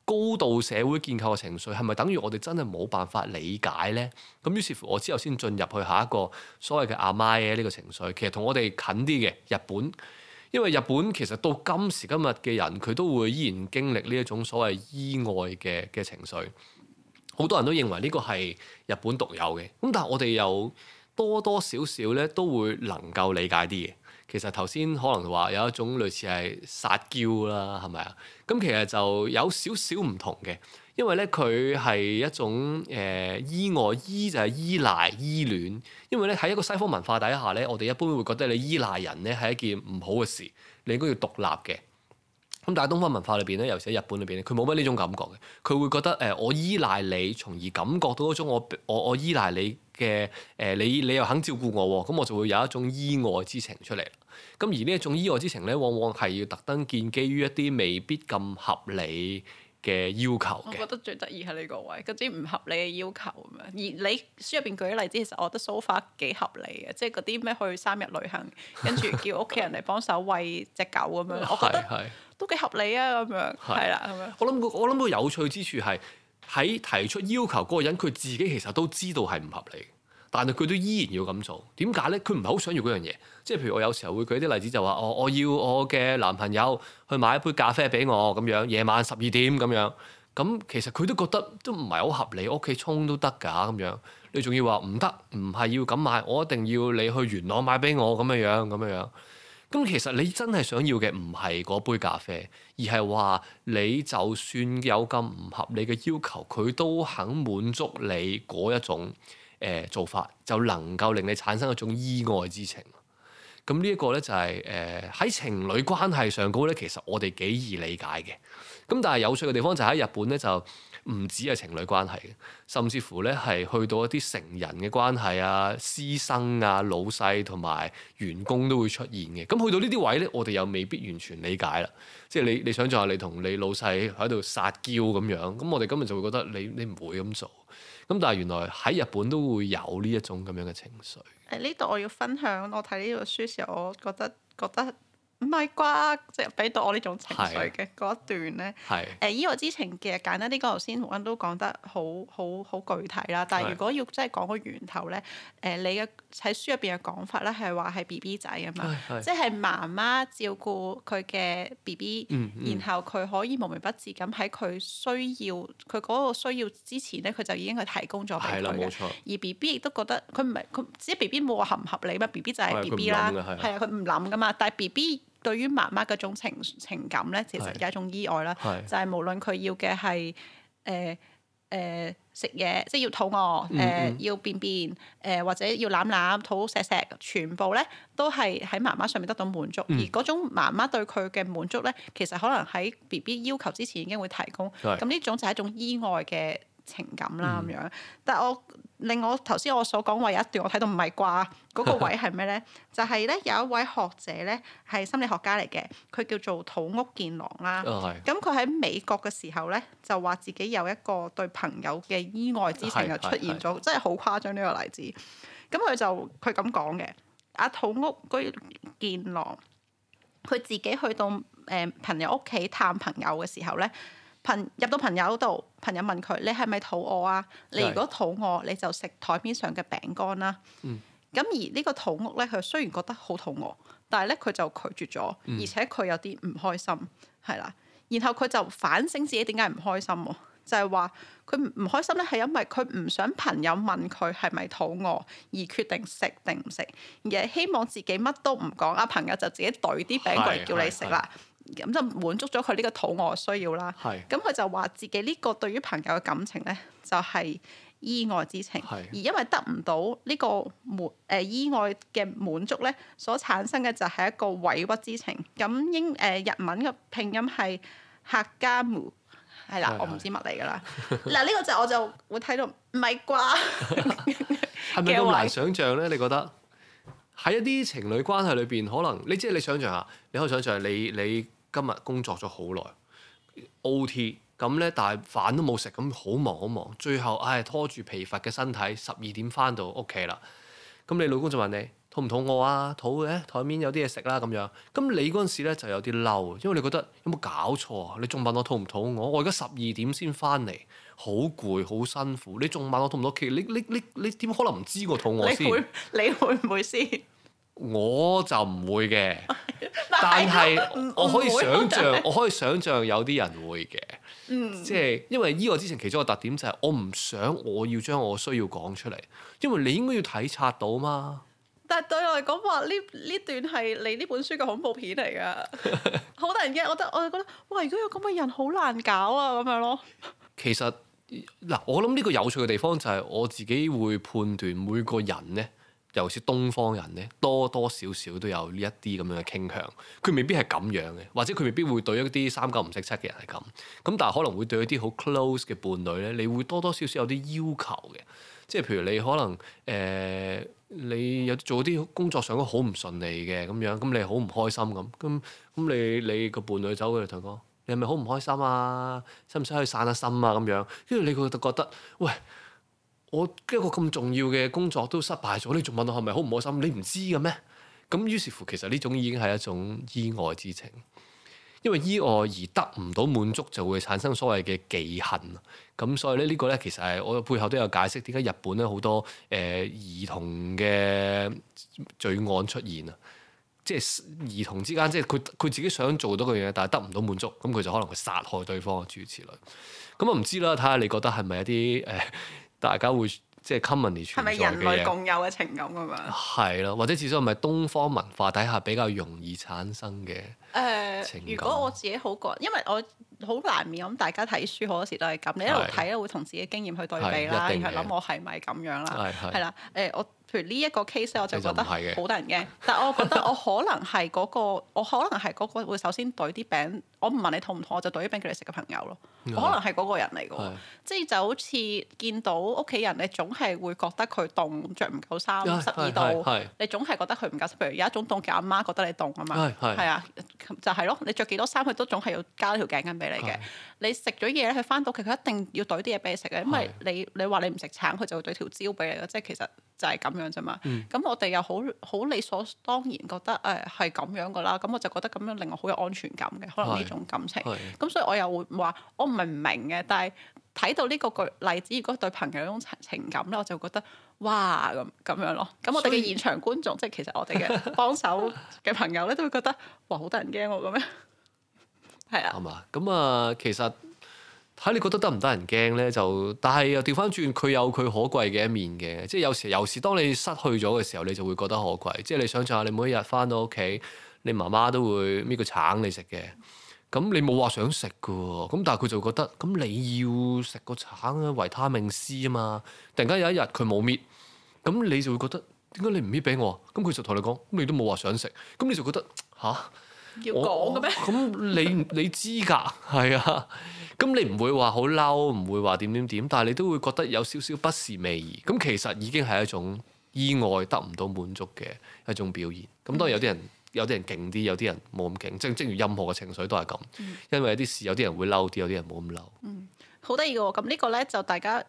高度社會建構嘅情緒，係咪等於我哋真係冇辦法理解呢？咁於是乎，我之後先進入去下一個所謂嘅阿媽嘅呢個情緒，其實同我哋近啲嘅日本，因為日本其實到今時今日嘅人，佢都會依然經歷呢一種所謂意外嘅嘅情緒。好多人都認為呢個係日本獨有嘅，咁但係我哋又多多少少呢都會能夠理解啲嘅。其實頭先可能話有一種類似係撒嬌啦，係咪啊？咁其實就有少少唔同嘅，因為咧佢係一種誒、呃、依外依就係依賴依戀。因為咧喺一個西方文化底下咧，我哋一般會覺得你依賴人咧係一件唔好嘅事，你應該要獨立嘅。咁但係東方文化裏邊咧，尤其喺日本裏邊咧，佢冇咩呢種感覺嘅。佢會覺得誒、呃、我依賴你，從而感覺到嗰種我我我依賴你。嘅誒，你你又肯照顧我喎，咁我就會有一種意外之情出嚟。咁而呢一種意外之情咧，往往係要特登建基於一啲未必咁合理嘅要求嘅。我覺得最得意係呢個位，嗰啲唔合理嘅要求咁樣。而你書入邊舉啲例子，其實我覺得 so far 幾合理嘅，即係嗰啲咩去三日旅行，跟住叫屋企人嚟幫手餵隻狗咁樣，我覺得都幾合理啊咁樣。係啦，咁樣。我諗個我諗個有趣之處係。喺提出要求嗰個人，佢自己其實都知道係唔合理，但係佢都依然要咁做。點解咧？佢唔係好想要嗰樣嘢，即係譬如我有時候會舉啲例子，就話哦，我要我嘅男朋友去買一杯咖啡俾我咁樣，夜晚十二點咁樣。咁其實佢都覺得都唔係好合理，屋企沖都得㗎咁樣。你仲要話唔得，唔係要咁買，我一定要你去元朗買俾我咁樣樣，咁樣樣。咁其實你真係想要嘅唔係嗰杯咖啡，而係話你就算有咁唔合理嘅要求，佢都肯滿足你嗰一種誒、呃、做法，就能夠令你產生一種意外之情。咁、嗯這個、呢一個咧就係誒喺情侶關係上高咧，其實我哋幾易理解嘅。咁、嗯、但係有趣嘅地方就喺日本咧就。唔止係情侶關係，甚至乎咧係去到一啲成人嘅關係啊、師生啊、老細同埋員工都會出現嘅。咁去到呢啲位咧，我哋又未必完全理解啦。即係你你想象下，你同你老細喺度撒嬌咁樣，咁我哋今日就會覺得你你唔會咁做。咁但係原來喺日本都會有呢一種咁樣嘅情緒。誒，呢度我要分享，我睇呢個書時，我覺得覺得。唔係啩，即係俾到我呢種情緒嘅嗰是一段咧。係是。誒、呃，依個之前嘅簡單啲講，頭先沐恩都講得好好好具體啦。但係如果要真係講個源頭咧，誒、呃，你嘅喺書入邊嘅講法咧係話係 B B 仔啊嘛，即係媽媽照顧佢嘅 B B，然後佢可以無微不至咁喺佢需要佢嗰個需要之前咧，佢就已經去提供咗俾佢。而 B B 亦都覺得佢唔係佢，即係 B B 冇話合唔合理嘛，B B 就係 B B 啦，係啊，佢唔諗噶嘛。但係 B B 對於媽媽嗰種情情感呢，其實有一種意外啦，就係無論佢要嘅係誒食嘢，即係要肚餓，誒、嗯嗯呃、要便便，呃、或者要攬攬、肚錫錫，全部呢都係喺媽媽上面得到滿足，嗯、而嗰種媽媽對佢嘅滿足呢，其實可能喺 B B 要求之前已經會提供，咁呢是種就係一種意外嘅情感啦咁、嗯、樣。但係我。另我頭先我所講話有一段我睇到唔係啩，嗰、那個位係咩呢？ 就係咧，有一位學者咧係心理學家嚟嘅，佢叫做土屋健郎啦。咁佢喺美國嘅時候咧，就話自己有一個對朋友嘅依愛之情就出現咗，真係好誇張呢個例子。咁佢就佢咁講嘅，阿土屋居健郎，佢自己去到誒、呃、朋友屋企探朋友嘅時候咧。朋入到朋友度，朋友問佢：你係咪肚餓啊？你如果肚餓，你就食枱面上嘅餅乾啦。咁、嗯、而個肚餓呢個肚餓咧，佢雖然覺得好肚餓，但係咧佢就拒絕咗，嗯、而且佢有啲唔開心，係啦。然後佢就反省自己點解唔開心喎？就係話佢唔開心咧，係因為佢唔想朋友問佢係咪肚餓，而決定食定唔食，而係希望自己乜都唔講啊，朋友就自己懟啲餅過嚟叫你食啦。的咁就滿足咗佢呢個肚餓嘅需要啦。咁佢的就話自己呢個對於朋友嘅感情咧，就係、是、意外之情。的而因為得唔到呢個滿誒依愛嘅滿足咧，所產生嘅就係一個委屈之情。咁英誒、呃、日文嘅拼音係客家母，係啦，的我唔知乜嚟㗎啦。嗱呢 個就我就會睇到唔係啩？係咪咁難想象咧？你覺得喺一啲情侶關係裏邊，可能你即係你想象下，你可以想象你你。你你你今日工作咗好耐，OT 咁咧，但係飯都冇食，咁好忙好忙，最後唉拖住疲乏嘅身體，十二點翻到屋企啦。咁你老公就問你，肚唔肚餓啊？肚嘅台面有啲嘢食啦，咁樣。咁你嗰陣時咧就有啲嬲，因為你覺得有冇搞錯啊？你仲問我肚唔肚餓？我而家十二點先翻嚟，好攰好辛苦，你仲問我肚唔肚餓？你你你你點可能唔知我肚餓先？你會唔會先？我就唔會嘅， 但係我，我，不我可以想像，我可以想像有啲人會嘅，即係、嗯、因為呢個之前其中一個特點就係我唔想我要將我需要講出嚟，因為你應該要體察到嘛。但對我嚟講話呢呢段係你呢本書嘅恐怖片嚟㗎，好 突然嘅，我得我就覺得哇！如果有咁嘅人，好難搞啊咁樣咯。其實嗱，我諗呢個有趣嘅地方就係我自己會判斷每個人咧。尤其係東方人咧，多多少少都有呢一啲咁樣嘅傾向。佢未必係咁樣嘅，或者佢未必會對一啲三九唔識七嘅人係咁。咁但係可能會對一啲好 close 嘅伴侶咧，你會多多少少有啲要求嘅。即係譬如你可能誒、呃，你有做啲工作上都好唔順利嘅咁樣，咁你好唔開心咁。咁咁你你個伴侶走過嚟同你講：你係咪好唔開心啊？使唔使去散下心啊？咁樣跟住你會覺得喂。我一個咁重要嘅工作都失敗咗，你仲問我係咪好唔開心？你唔知嘅咩？咁於是乎，其實呢種已經係一種意外之情，因為意外而得唔到滿足，就會產生所謂嘅忌恨。咁所以咧，呢、呢個呢，其實係我背後都有解釋點解日本咧好多誒、呃、兒童嘅罪案出現啊！即係兒童之間，即係佢佢自己想做到嘅嘢，但係得唔到滿足，咁佢就可能會殺害對方諸如此類。咁我唔知啦，睇下你覺得係咪一啲誒？呃大家會即係 commonly 存在嘅嘢，係咪人類共有嘅情感咁樣？係咯，或者至少係咪東方文化底下比較容易產生嘅？誒、呃，如果我自己好講，因為我好難免咁大家睇書好多時都係咁，你一路睇咧會同自己經驗去對比啦，然後諗我係咪咁樣啦？係係。係啦，誒，我譬如呢一個 case，我就覺得好得人驚。但係我覺得我可能係嗰、那個 那個，我可能係嗰、那個會首先對啲餅。我唔問你痛唔痛，我就懟俾你食嘅朋友咯，可能係嗰個人嚟嘅，是即係就好似見到屋企人，你總係會覺得佢凍，着唔夠衫，十二度，哎哎哎哎、你總係覺得佢唔夠。譬如有一種凍叫阿媽覺得你凍啊嘛，係、哎哎、啊，就係、是、咯，你着幾多衫佢都總係要加條頸巾俾你嘅。哎、你食咗嘢，佢翻到屋企，佢一定要懟啲嘢俾你食嘅，因為你是你話你唔食橙，佢就會懟條蕉俾你咯。即係其實就係咁樣啫嘛。咁、嗯、我哋又好好理所當然覺得誒係咁樣嘅啦。咁我就覺得咁樣令我好有安全感嘅，可能。種感情咁，的所以我又會話我唔係唔明嘅，但係睇到呢個句例子，如果對朋友嗰種情感咧，我就覺得哇咁咁樣咯。咁我哋嘅現場觀眾，以即係其實我哋嘅幫手嘅朋友咧， 都會覺得哇，好得人驚喎，咁樣係啊。係咪？咁啊 的，其實睇你覺得得唔得人驚咧？就但係又調翻轉，佢有佢可貴嘅一面嘅。即係有時有時，有時當你失去咗嘅時候，你就會覺得可貴。即係你想象下，你每一日翻到屋企，你媽媽都會搣個橙你食嘅。咁你冇話想食噶，咁但係佢就會覺得，咁你要食個橙啊維他命 C 啊嘛，突然間有一日佢冇搣，咁你就會覺得點解你唔搣俾我？咁佢就同你講，咁你都冇話想食，咁你就覺得吓，要講嘅咩？咁 你你知㗎，係啊，咁 你唔會話好嬲，唔會話點點點，但係你都會覺得有少少不是味，咁其實已經係一種意外得唔到滿足嘅一種表現。咁當然有啲人。有啲人勁啲，有啲人冇咁勁。即正如任何嘅情緒都係咁，嗯、因為有啲事有啲人會嬲啲，有啲人冇咁嬲。嗯，好得意喎。咁呢個咧就大家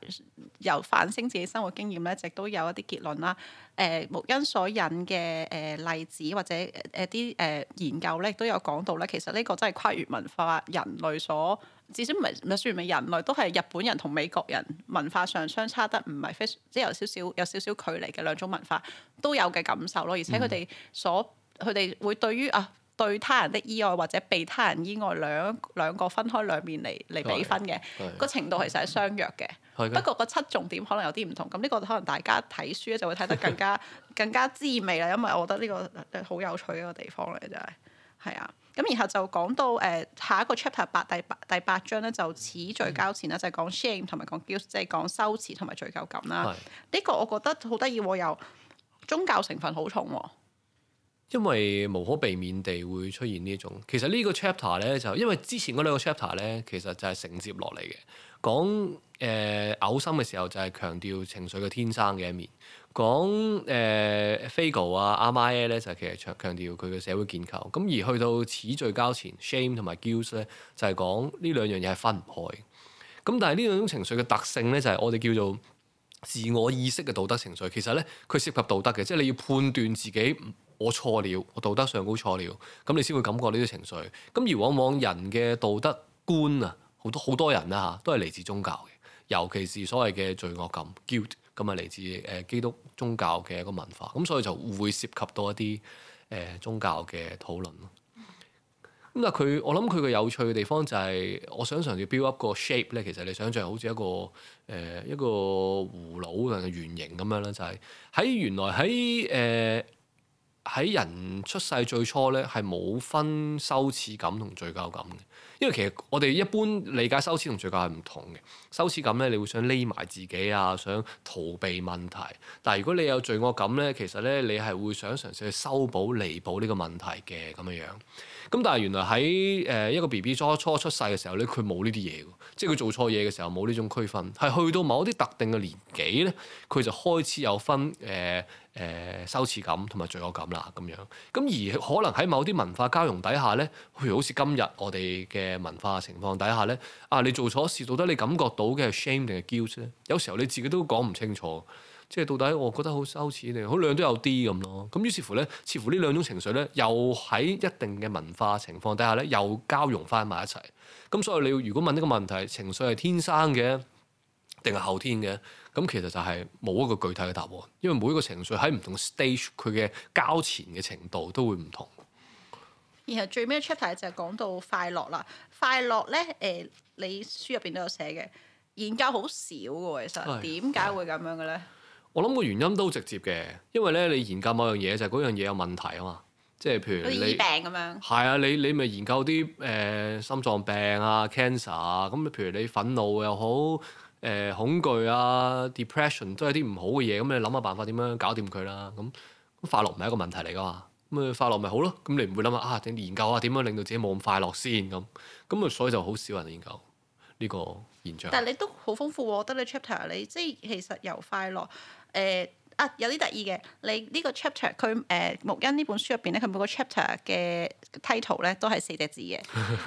由反省自己生活經驗咧，直都有一啲結論啦。誒、呃，沐恩所引嘅誒、呃、例子或者誒啲誒研究咧，都有講到咧。其實呢個真係跨越文化，人類所至少唔係唔算唔係人類，都係日本人同美國人文化上相差得唔係非常，即、就、係、是、有少少有少少距離嘅兩種文化都有嘅感受咯。而且佢哋所、嗯佢哋會對於啊，對他人的意外或者被他人意外，兩兩個分開兩面嚟嚟比分嘅，個程度其實係相若嘅。的不過個側重點可能有啲唔同。咁呢個可能大家睇書咧就會睇得更加 更加滋味啦，因為我覺得呢個好有趣一個地方嚟啫。係啊，咁然後就講到誒、呃、下一個 chapter 八第八第八章咧，就羞恥罪疚啦、嗯，就係講 shame 同埋講 guilt，即係講羞恥同埋罪疚感啦。呢的個我覺得好得意喎，又宗教成分好重喎、啊。因為無可避免地會出現呢種。其實呢個 chapter 咧，就因為之前嗰兩個 chapter 咧，其實就係承接落嚟嘅。講誒、呃，噁心嘅時候就係強調情緒嘅天生嘅一面。講誒、呃、Fago 啊 amae 咧就是、其實強強調佢嘅社會建構。咁而去到此罪疚前，shame 同埋 guilt 咧就係講呢兩樣嘢係分唔開嘅。咁但係呢兩種情緒嘅特性咧，就係、是、我哋叫做自我意識嘅道德情緒。其實咧，佢涉及道德嘅，即係你要判斷自己。我錯了，我道德上都錯了，咁你先會感覺呢啲情緒。咁而往往人嘅道德觀啊，好多好多人啦嚇，都係嚟自宗教嘅，尤其是所謂嘅罪惡感 guilt 咁啊，嚟自誒、呃、基督宗教嘅一個文化。咁所以就會涉及到一啲誒、呃、宗教嘅討論咯。咁但佢，我諗佢嘅有趣嘅地方就係、是，我想嘗試 build up 個 shape 咧，其實你想象好似一個誒、呃、一個葫蘆定係圓形咁樣啦，就係、是、喺原來喺誒。呃喺人出世最初咧，係冇分羞恥感同罪疚感嘅。因為其實我哋一般理解羞恥同罪疚係唔同嘅。羞恥感咧，你會想匿埋自己啊，想逃避問題。但係如果你有罪惡感咧，其實咧你係會想嘗試去修補彌補呢個問題嘅咁樣樣。咁但係原來喺誒一個 B B 初初出世嘅時候咧，佢冇呢啲嘢㗎，即係佢做錯嘢嘅時候冇呢種區分。係去到某一啲特定嘅年紀咧，佢就開始有分誒。呃誒、呃、羞恥感同埋罪惡感啦，咁樣咁而可能喺某啲文化交融底下呢，譬如好似今日我哋嘅文化情況底下呢，啊你做錯事到底你感覺到嘅係 shame 定係 guilt 呢？有時候你自己都講唔清楚，即係到底我覺得好羞恥定好兩都有啲咁咯。咁於是乎呢，似乎呢兩種情緒呢，又喺一定嘅文化情況底下呢，又交融返埋一齊。咁所以你如果問呢個問題，情緒係天生嘅定係後天嘅？咁其實就係冇一個具體嘅答案，因為每一個情緒喺唔同 stage，佢嘅交纏嘅程度都會唔同。然後最尾一出題就係講到快樂啦。快樂咧，誒、呃，你書入邊都有寫嘅，研究好少喎。其實點解會咁樣嘅咧？我諗個原因都好直接嘅，因為咧你研究某樣嘢就係嗰樣嘢有問題啊嘛。即係譬如你醫病咁樣。係啊，你你咪研究啲誒、呃、心臟病啊 cancer 啊，咁譬如你憤怒又好。誒、呃、恐懼啊，depression 都係啲唔好嘅嘢，咁你諗下辦法點樣搞掂佢啦？咁、嗯、快、嗯、樂唔係一個問題嚟㗎嘛？咁啊快樂咪好咯，咁、嗯、你唔會諗下，啊，點研究下、啊、點樣令到自己冇咁快樂先咁？咁、嗯、啊、嗯、所以就好少人研究呢個現象。但係你都好豐富喎、啊，我覺得你 chapter 你即係其實由快樂誒、呃、啊有啲得意嘅，你呢個 chapter 佢誒沐恩呢本書入邊咧，佢每個 chapter 嘅 title 咧都係四隻字嘅，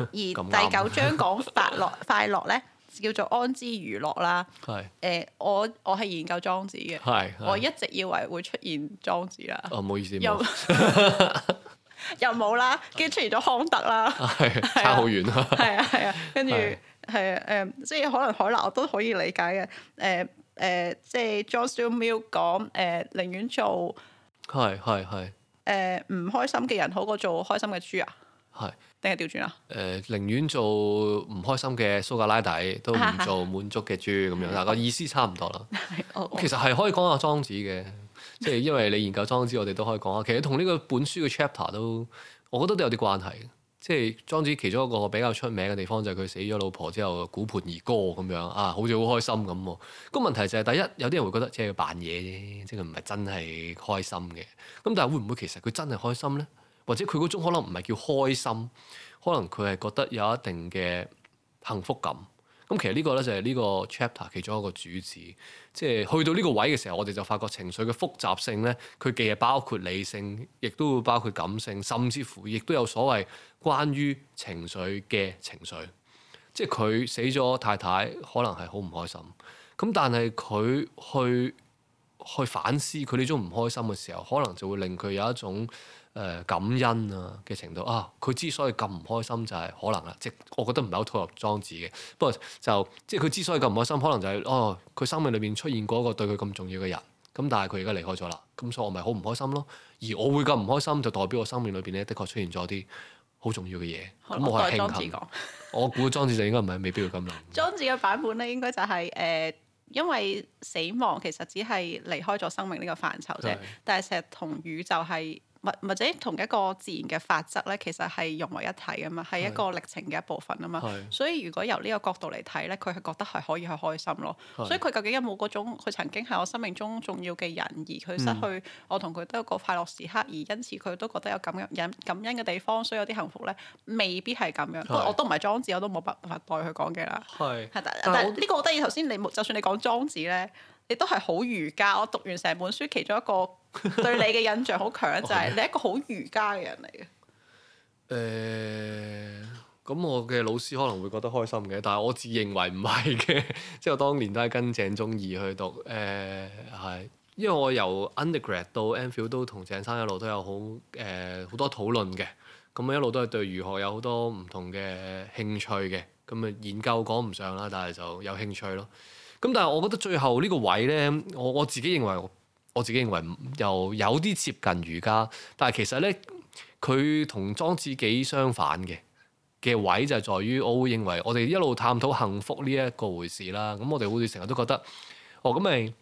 而第九章講快樂快 樂咧。叫做安之娛樂啦。係是。誒、呃，我我係研究莊子嘅。係。我一直以為會出現莊子啦。哦，唔好意思。又沒有 又冇啦，跟住出現咗康德啦。係是。啊、差好遠、啊。係啊係啊，跟住係是啊誒，即係可能海納都可以理解嘅。誒誒，即係 John Stuart Mill 講、呃、寧願做。係係係。誒，呃、唔開心嘅人好過做開心嘅豬啊。係。定係調轉啊！誒，寧願做唔開心嘅蘇格拉底，都唔做滿足嘅豬咁樣。但個 意思差唔多啦。 其實係可以講下莊子嘅，即係 因為你研究莊子，我哋都可以講下。其實同呢個本書嘅 chapter 都，我覺得都有啲關係。即係莊子其中一個比較出名嘅地方就係佢死咗老婆之後，鼓盆而歌咁樣啊，好似好開心咁。個問題就係第一，有啲人會覺得即係扮嘢啫，即係唔係真係開心嘅。咁但係會唔會其實佢真係開心咧？或者佢嗰種可能唔係叫開心，可能佢係覺得有一定嘅幸福感。咁、嗯、其實呢個呢，就係、是、呢個 chapter 其中一個主旨，即係去到呢個位嘅時候，我哋就發覺情緒嘅複雜性呢，佢既係包括理性，亦都會包括感性，甚至乎亦都有所謂關於情緒嘅情緒。即係佢死咗太太，可能係好唔開心。咁、嗯、但係佢去去反思佢呢種唔開心嘅時候，可能就會令佢有一種，誒、呃、感恩啊嘅程度啊，佢之所以咁唔開心就係、是、可能啦，即我覺得唔係好套入莊子嘅。不過就即係佢之所以咁唔開心，可能就係、是、哦，佢生命裏邊出現過一個對佢咁重要嘅人，咁但係佢而家離開咗啦，咁所以我咪好唔開心咯。而我會咁唔開心，就代表我生命裏邊咧，的確出現咗啲好重要嘅嘢。咁了、啊、我係慶幸。講 我估莊子就應該唔係，未必要咁諗。莊子嘅版本咧，應該就係、是、誒、呃，因為死亡其實只係離開咗生命呢個範疇啫，的但係石同宇宙係。或或者同一個自然嘅法則咧，其實係融為一體㗎嘛，係一個歷程嘅一部分啊嘛。是所以如果由呢個角度嚟睇咧，佢係覺得係可以去開心咯。是所以佢究竟有冇嗰種佢曾經係我生命中重要嘅人，而佢失去、嗯、我同佢都有個快樂時刻，而因此佢都覺得有感恩、感恩嘅地方，所以有啲幸福咧，未必係咁樣是我。我都唔係莊子，我都冇辦法代佢講嘅啦。係，但係呢個我得意頭先，你冇就算你講莊子咧。你都係好儒家，我讀完成本書，其中一個對你嘅印象好強 就係你一個好儒家嘅人嚟嘅。誒，咁我嘅老師可能會覺得開心嘅，但係我自認為唔係嘅， 即係我當年都係跟鄭宗義去讀。誒、uh, 係，因為我由 undergrad 到 MPhil 都同鄭生一路都有好誒好多討論嘅，咁一路都係對儒學有好多唔同嘅興趣嘅，咁啊研究講唔上啦，但係就有興趣咯。咁但係我覺得最後呢個位呢，我我自己認為我，我自己認為又有啲接近儒家。但係其實呢，佢同莊子幾相反嘅嘅位就係在於，我會認為我哋一路探討幸福呢一個回事啦。咁我哋會成日都覺得，哦咁咪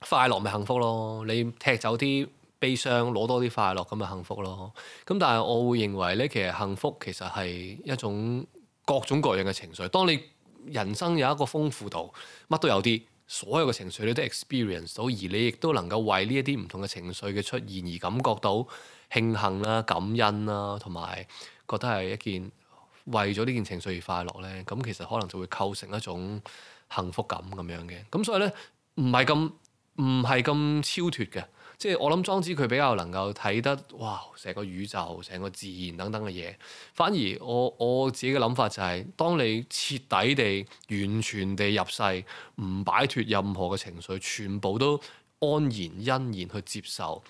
快樂咪幸福咯，你踢走啲悲傷，攞多啲快樂咁咪幸福咯。咁但係我會認為呢，其實幸福其實係一種各種各樣嘅情緒，當你人生有一個豐富度，乜都有啲，所有嘅情緒你都 experience 到，而你亦都能夠為呢一啲唔同嘅情緒嘅出現而感覺到慶幸啦、啊、感恩啦、啊，同埋覺得係一件為咗呢件情緒而快樂呢，咁其實可能就會構成一種幸福感咁樣嘅，咁所以呢，唔係咁唔係咁超脫嘅。即係我諗莊子佢比較能夠睇得哇，成個宇宙、成個自然等等嘅嘢，反而我我自己嘅諗法就係、是，當你徹底地、完全地入世，唔擺脱任何嘅情緒，全部都安然欣然去接受，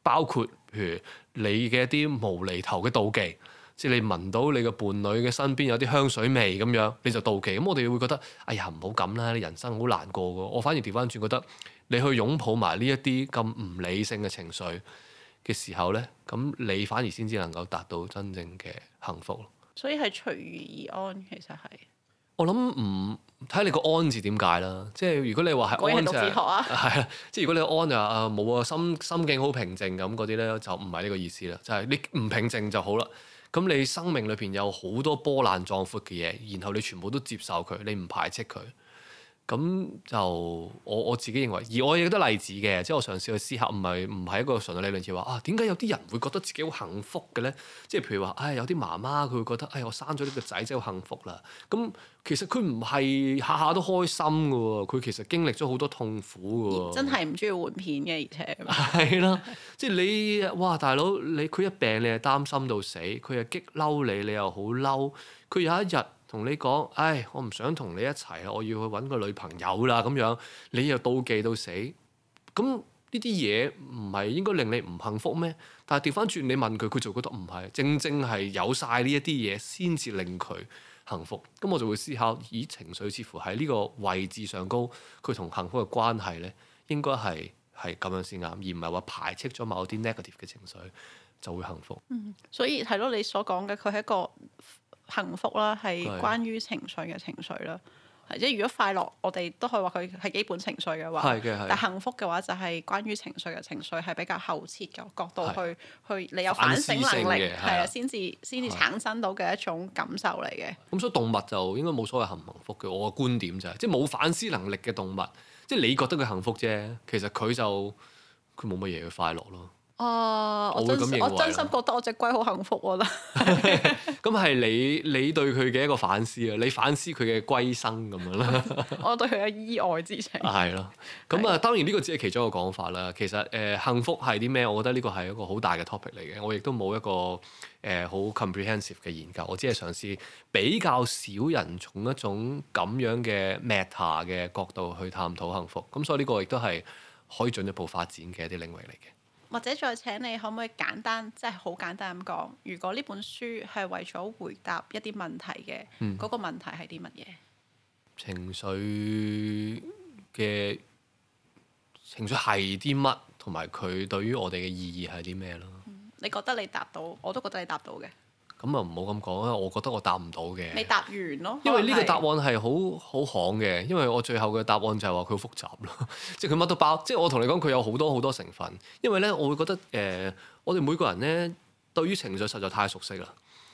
包括譬如你嘅一啲無厘頭嘅妒忌。即係你聞到你個伴侶嘅身邊有啲香水味咁樣，你就妒忌。咁我哋會覺得，哎呀唔好咁啦，你人生好難過嘅。我反而調翻轉覺得，你去擁抱埋呢一啲咁唔理性嘅情緒嘅時候咧，咁你反而先至能夠達到真正嘅幸福。所以係隨遇而安，其實係。我諗唔睇下你個安字點解啦。即係如果你話係安靜、就係，係啊。 即係如果你安啊啊冇啊心心境好平靜咁嗰啲咧，就唔係呢個意思啦。就係、係、你唔平靜就好啦。咁你生命裏邊有好多波瀾壯闊嘅嘢，然後你全部都接受佢，你唔排斥佢。咁就我我自己認為，而我亦都例子嘅，即係我嘗試去思考，唔係唔係一個純粹理論詞話啊？點解有啲人會覺得自己好幸福嘅咧？即係譬如話，唉，有啲媽媽佢會覺得，唉，我生咗呢個仔真係好幸福啦。咁其實佢唔係下下都開心嘅喎，佢其實經歷咗好多痛苦嘅喎。真係唔中意換片嘅，而且係咯， 即係你哇，大佬你佢一病你係擔心到死，佢又激嬲你，你又好嬲。佢有一日，同你講，唉，我唔想同你一齊啦，我要去揾個女朋友啦，咁樣你又妒忌到死。咁呢啲嘢唔係應該令你唔幸福咩？但係調翻轉，你問佢，佢就覺得唔係。正正係有晒呢一啲嘢，先至令佢幸福。咁我就會思考，咦，情緒似乎喺呢個位置上高，佢同幸福嘅關係呢應該係係咁樣先啱，而唔係話排斥咗某啲 negative 嘅情緒就會幸福。嗯，所以係咯，你所講嘅佢係一個。幸福啦，係關於情緒嘅情緒啦。即係的如果快樂，我哋都可以話佢係基本情緒嘅話。係嘅，但幸福嘅話，就係關於情緒嘅情緒，係比較後設嘅角度去的去，你有反省能力係啊，先至先至產生到嘅一種感受嚟嘅。咁所以動物就應該冇所謂幸唔幸福嘅，我嘅觀點就係、是，即係冇反思能力嘅動物，即係你覺得佢幸福啫，其實佢就佢冇乜嘢嘅快樂咯。哇！我真心覺得我隻龜好幸福，我都咁係你你對佢嘅一個反思啊！你反思佢嘅龜生咁樣啦。 我對佢嘅意外之情。係咯、 啊，咁啊，當然呢個只係其中一個講法啦。其實誒、呃，幸福係啲咩？我覺得呢個係一個好大嘅 topic 嚟嘅。我亦都冇一個誒好、呃、comprehensive 嘅研究，我只係嘗試比較少人從一種咁樣嘅 meta 嘅角度去探討幸福。咁所以呢個亦都係可以進一步發展嘅一啲領域嚟嘅。或者再請你可唔可以簡單即係好簡單咁講，如果呢本書係為咗回答一啲問題嘅，嗰、嗯、個問題係啲乜嘢？情緒嘅情緒係啲乜，同埋佢對於我哋嘅意義係啲咩咯？你覺得你答到，我都覺得你答到嘅。咁啊，唔好咁講啦，我覺得我答唔到嘅。未答完咯。因為呢個答案係好好行嘅，因為我最後嘅答案就係話佢好複雜咯，即係佢乜都包。即係我同你講，佢有好多好多成分。因為咧，我會覺得誒、呃，我哋每個人咧對於情緒實在太熟悉啦。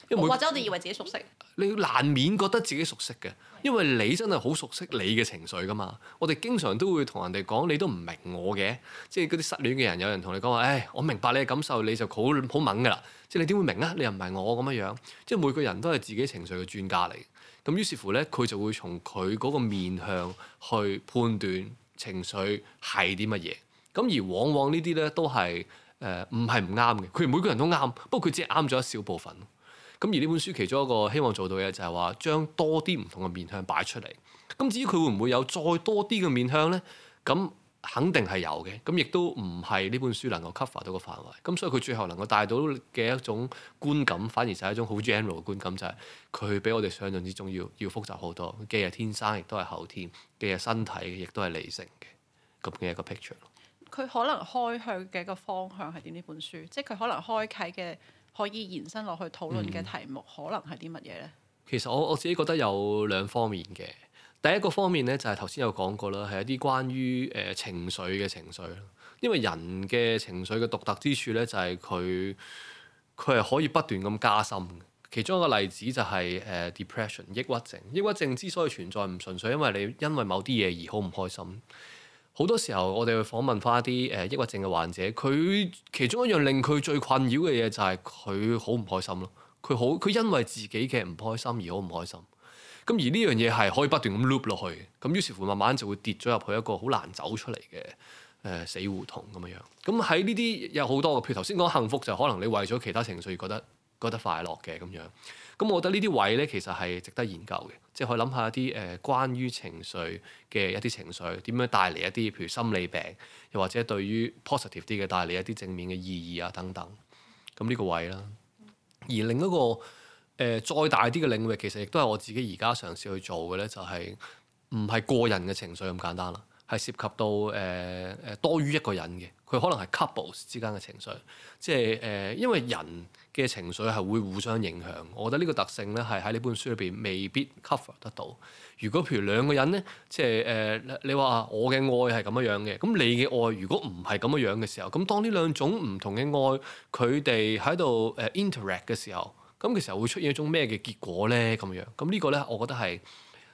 因為或者我哋以為自己熟悉，你難免覺得自己熟悉嘅，因為你真係好熟悉你嘅情緒㗎嘛。我哋經常都會同人哋講，你都唔明我嘅，即係嗰啲失戀嘅人，有人同你講話，誒、哎，我明白你嘅感受，你就好好猛㗎啦。即係你點會明啊？你又唔係我咁樣樣，即係每個人都係自己情緒嘅專家嚟。咁於是乎呢，佢就會從佢嗰個面向去判斷情緒係啲乜嘢，咁而往往呢啲呢都係誒唔係唔啱嘅。佢、呃、每個人都啱，不過佢只係啱咗一小部分。咁而呢本書其中一個希望做到嘅就係話，將多啲唔同嘅面向擺出嚟。咁至於佢會唔會有再多啲嘅面向呢？咁肯定係有嘅。咁亦都唔係呢本書能夠 cover 到個範圍。咁所以佢最後能夠帶到嘅一種觀感，反而就係一種好 general 嘅觀感，就係、是、佢比我哋想像之中要要複雜好多。既係天生，亦都係後天；既係身體，亦都係理性嘅咁嘅一個 picture。佢可能開向嘅一個方向係點？呢本書即係佢可能開啓嘅。可以延伸落去討論嘅題目，嗯、可能係啲乜嘢呢？其實我我自己覺得有兩方面嘅。第一個方面呢，就係頭先有講過啦，係一啲關於誒、呃、情緒嘅情緒。因為人嘅情緒嘅獨特之處呢，就係佢佢係可以不斷咁加深。其中一個例子就係、是、誒、呃、depression 抑鬱症。抑鬱症之所以存在，唔純粹因為你因為某啲嘢而好唔開心。好多時候，我哋去訪問翻一啲誒、呃、抑鬱症嘅患者，佢其中一樣令佢最困擾嘅嘢就係佢好唔開心咯。佢好，佢因為自己嘅唔開心而好唔開心。咁而呢樣嘢係可以不斷咁 loop 落去，咁於是乎慢慢就會跌咗入去一個好難走出嚟嘅誒死胡同咁樣。咁喺呢啲有好多譬如頭先講幸福就可能你為咗其他情緒覺得覺得快樂嘅咁樣。咁我覺得呢啲位咧，其實係值得研究嘅，即係可以諗下一啲誒、呃、關於情緒嘅一啲情緒點樣帶嚟一啲，譬如心理病，又或者對於 positive 啲嘅帶嚟一啲正面嘅意義啊等等。咁呢個位啦，而另一個誒、呃、再大啲嘅領域，其實亦都係我自己而家嘗試去做嘅咧，就係唔係個人嘅情緒咁簡單啦，係涉及到誒誒、呃、多於一個人嘅，佢可能係 couples 之間嘅情緒，即係誒、呃、因為人嘅情緒係會互相影響，我覺得呢個特性咧係喺呢本書裏邊未必 cover 得到。如果譬如兩個人咧，即係誒你話我嘅愛係咁樣樣嘅，咁你嘅愛如果唔係咁樣樣嘅時候，咁當呢兩種唔同嘅愛佢哋喺度誒 interact 嘅時候，咁嘅時候會出現一種咩嘅結果咧？咁樣咁呢個咧，我覺得係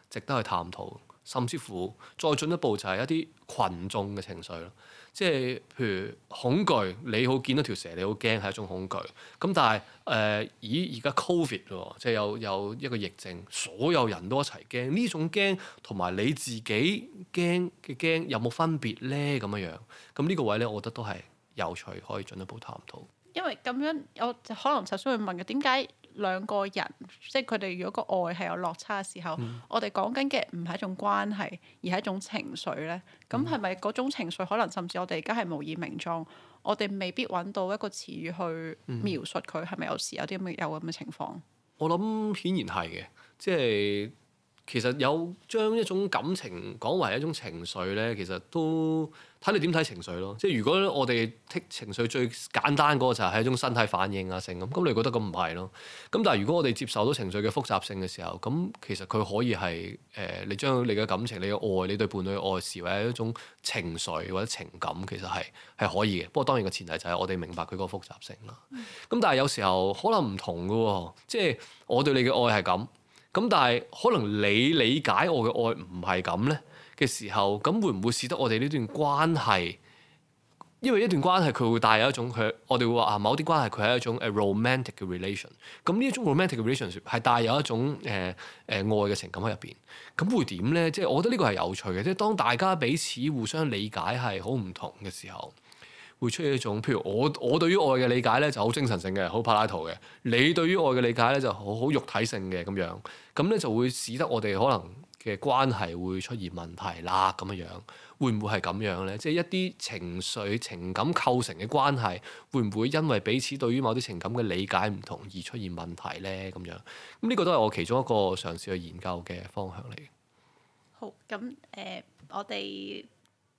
值得去探討，甚至乎再進一步就係一啲群眾嘅情緒咯。即係譬如恐懼，你好見到條蛇，你好驚係一種恐懼。咁但係誒咦而家 covid 咯，呃、COVID，即係有有一個疫症，所有人都一齊驚。呢種驚同埋你自己驚嘅驚有冇分別咧？咁樣樣咁呢個位咧，我覺得都係有趣，可以進一步探討。因為咁樣，我就可能就想去問嘅點解？兩個人即係佢哋，如果個愛係有落差嘅時候，嗯、我哋講緊嘅唔係一種關係，而係一種情緒呢。咁係咪嗰種情緒可能甚至我哋而家係無以名狀？我哋未必揾到一個詞語去描述佢係咪有時有啲咁嘅有咁嘅情況？我諗顯然係嘅，即係。其實有將一種感情講為一種情緒咧，其實都睇你點睇情緒咯。即係如果我哋剔情緒最簡單個就係一種身體反應啊，性咁。咁你覺得咁唔係咯？咁但係如果我哋接受到情緒嘅複雜性嘅時候，咁其實佢可以係誒、呃、你將你嘅感情、你嘅愛、你對伴侶嘅愛視為或者一種情緒或者情感，其實係係可以嘅。不過當然個前提就係我哋明白佢個複雜性啦。咁但係有時候可能唔同㗎喎，即係我對你嘅愛係咁。咁但係可能你理解我嘅愛唔係咁咧嘅時候，咁會唔會使得我哋呢段關係？因為一段關係佢會帶有一種佢，我哋會話啊某啲關係佢係一種誒 romantic 嘅 relation。咁呢一種 romantic relationship 係帶有一種誒誒、呃呃、愛嘅情感喺入邊，咁會點咧？即係我覺得呢個係有趣嘅，即係當大家彼此互相理解係好唔同嘅時候。會出現一種，譬如我我對於愛嘅理解咧，就好精神性嘅，好柏拉圖嘅；你對於愛嘅理解咧，就好好肉體性嘅咁樣。咁咧就會使得我哋可能嘅關係會出現問題啦，咁樣會唔會係咁樣咧？即係一啲情緒、情感構成嘅關係，會唔會因為彼此對於某啲情感嘅理解唔同而出現問題咧？咁樣咁呢個都係我其中一個嘗試去研究嘅方向嚟。好，咁誒、呃，我哋。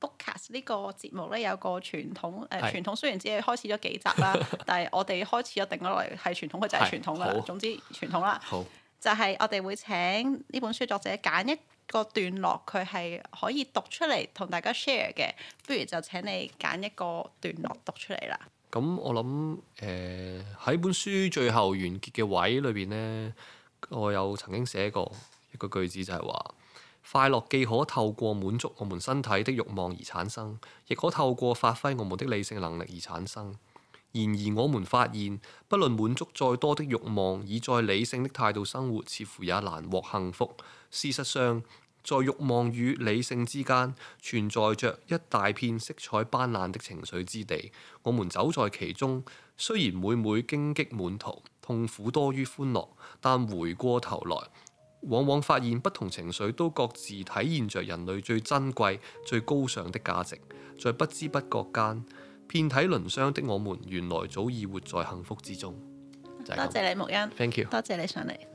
Bookcast 呢個節目咧，有個傳統，誒傳是、呃、統雖然只係開始咗幾集啦， 但係我哋開始咗定咗落嚟係傳統，佢就係傳統啦。好，總之傳統啦，好就係我哋會請呢本書作者揀一個段落，佢係可以讀出嚟同大家 share 嘅。不如就請你揀一個段落讀出嚟啦。咁我諗，誒喺本書最後完結嘅位裏邊咧，我有曾經寫過一個句子就，就係話。快樂既可透過滿足我們身體的慾望而產生，亦可透過發揮我們的理性能力而產生。然而，我們發現，不論滿足再多的慾望，以再理性的態度生活，似乎也難獲幸福。事實上，在慾望與理性之間，存在著一大片色彩斑斕的情緒之地。我們走在其中，雖然每每荊棘滿途，痛苦多於歡樂，但回過頭來，往往發現不同情緒都各自體現着人類最珍貴、最高尚的價值，在不知不覺間，遍體鱗傷的我們原來早已活在幸福之中。就是、多謝你，沐恩。Thank you。多謝你上嚟。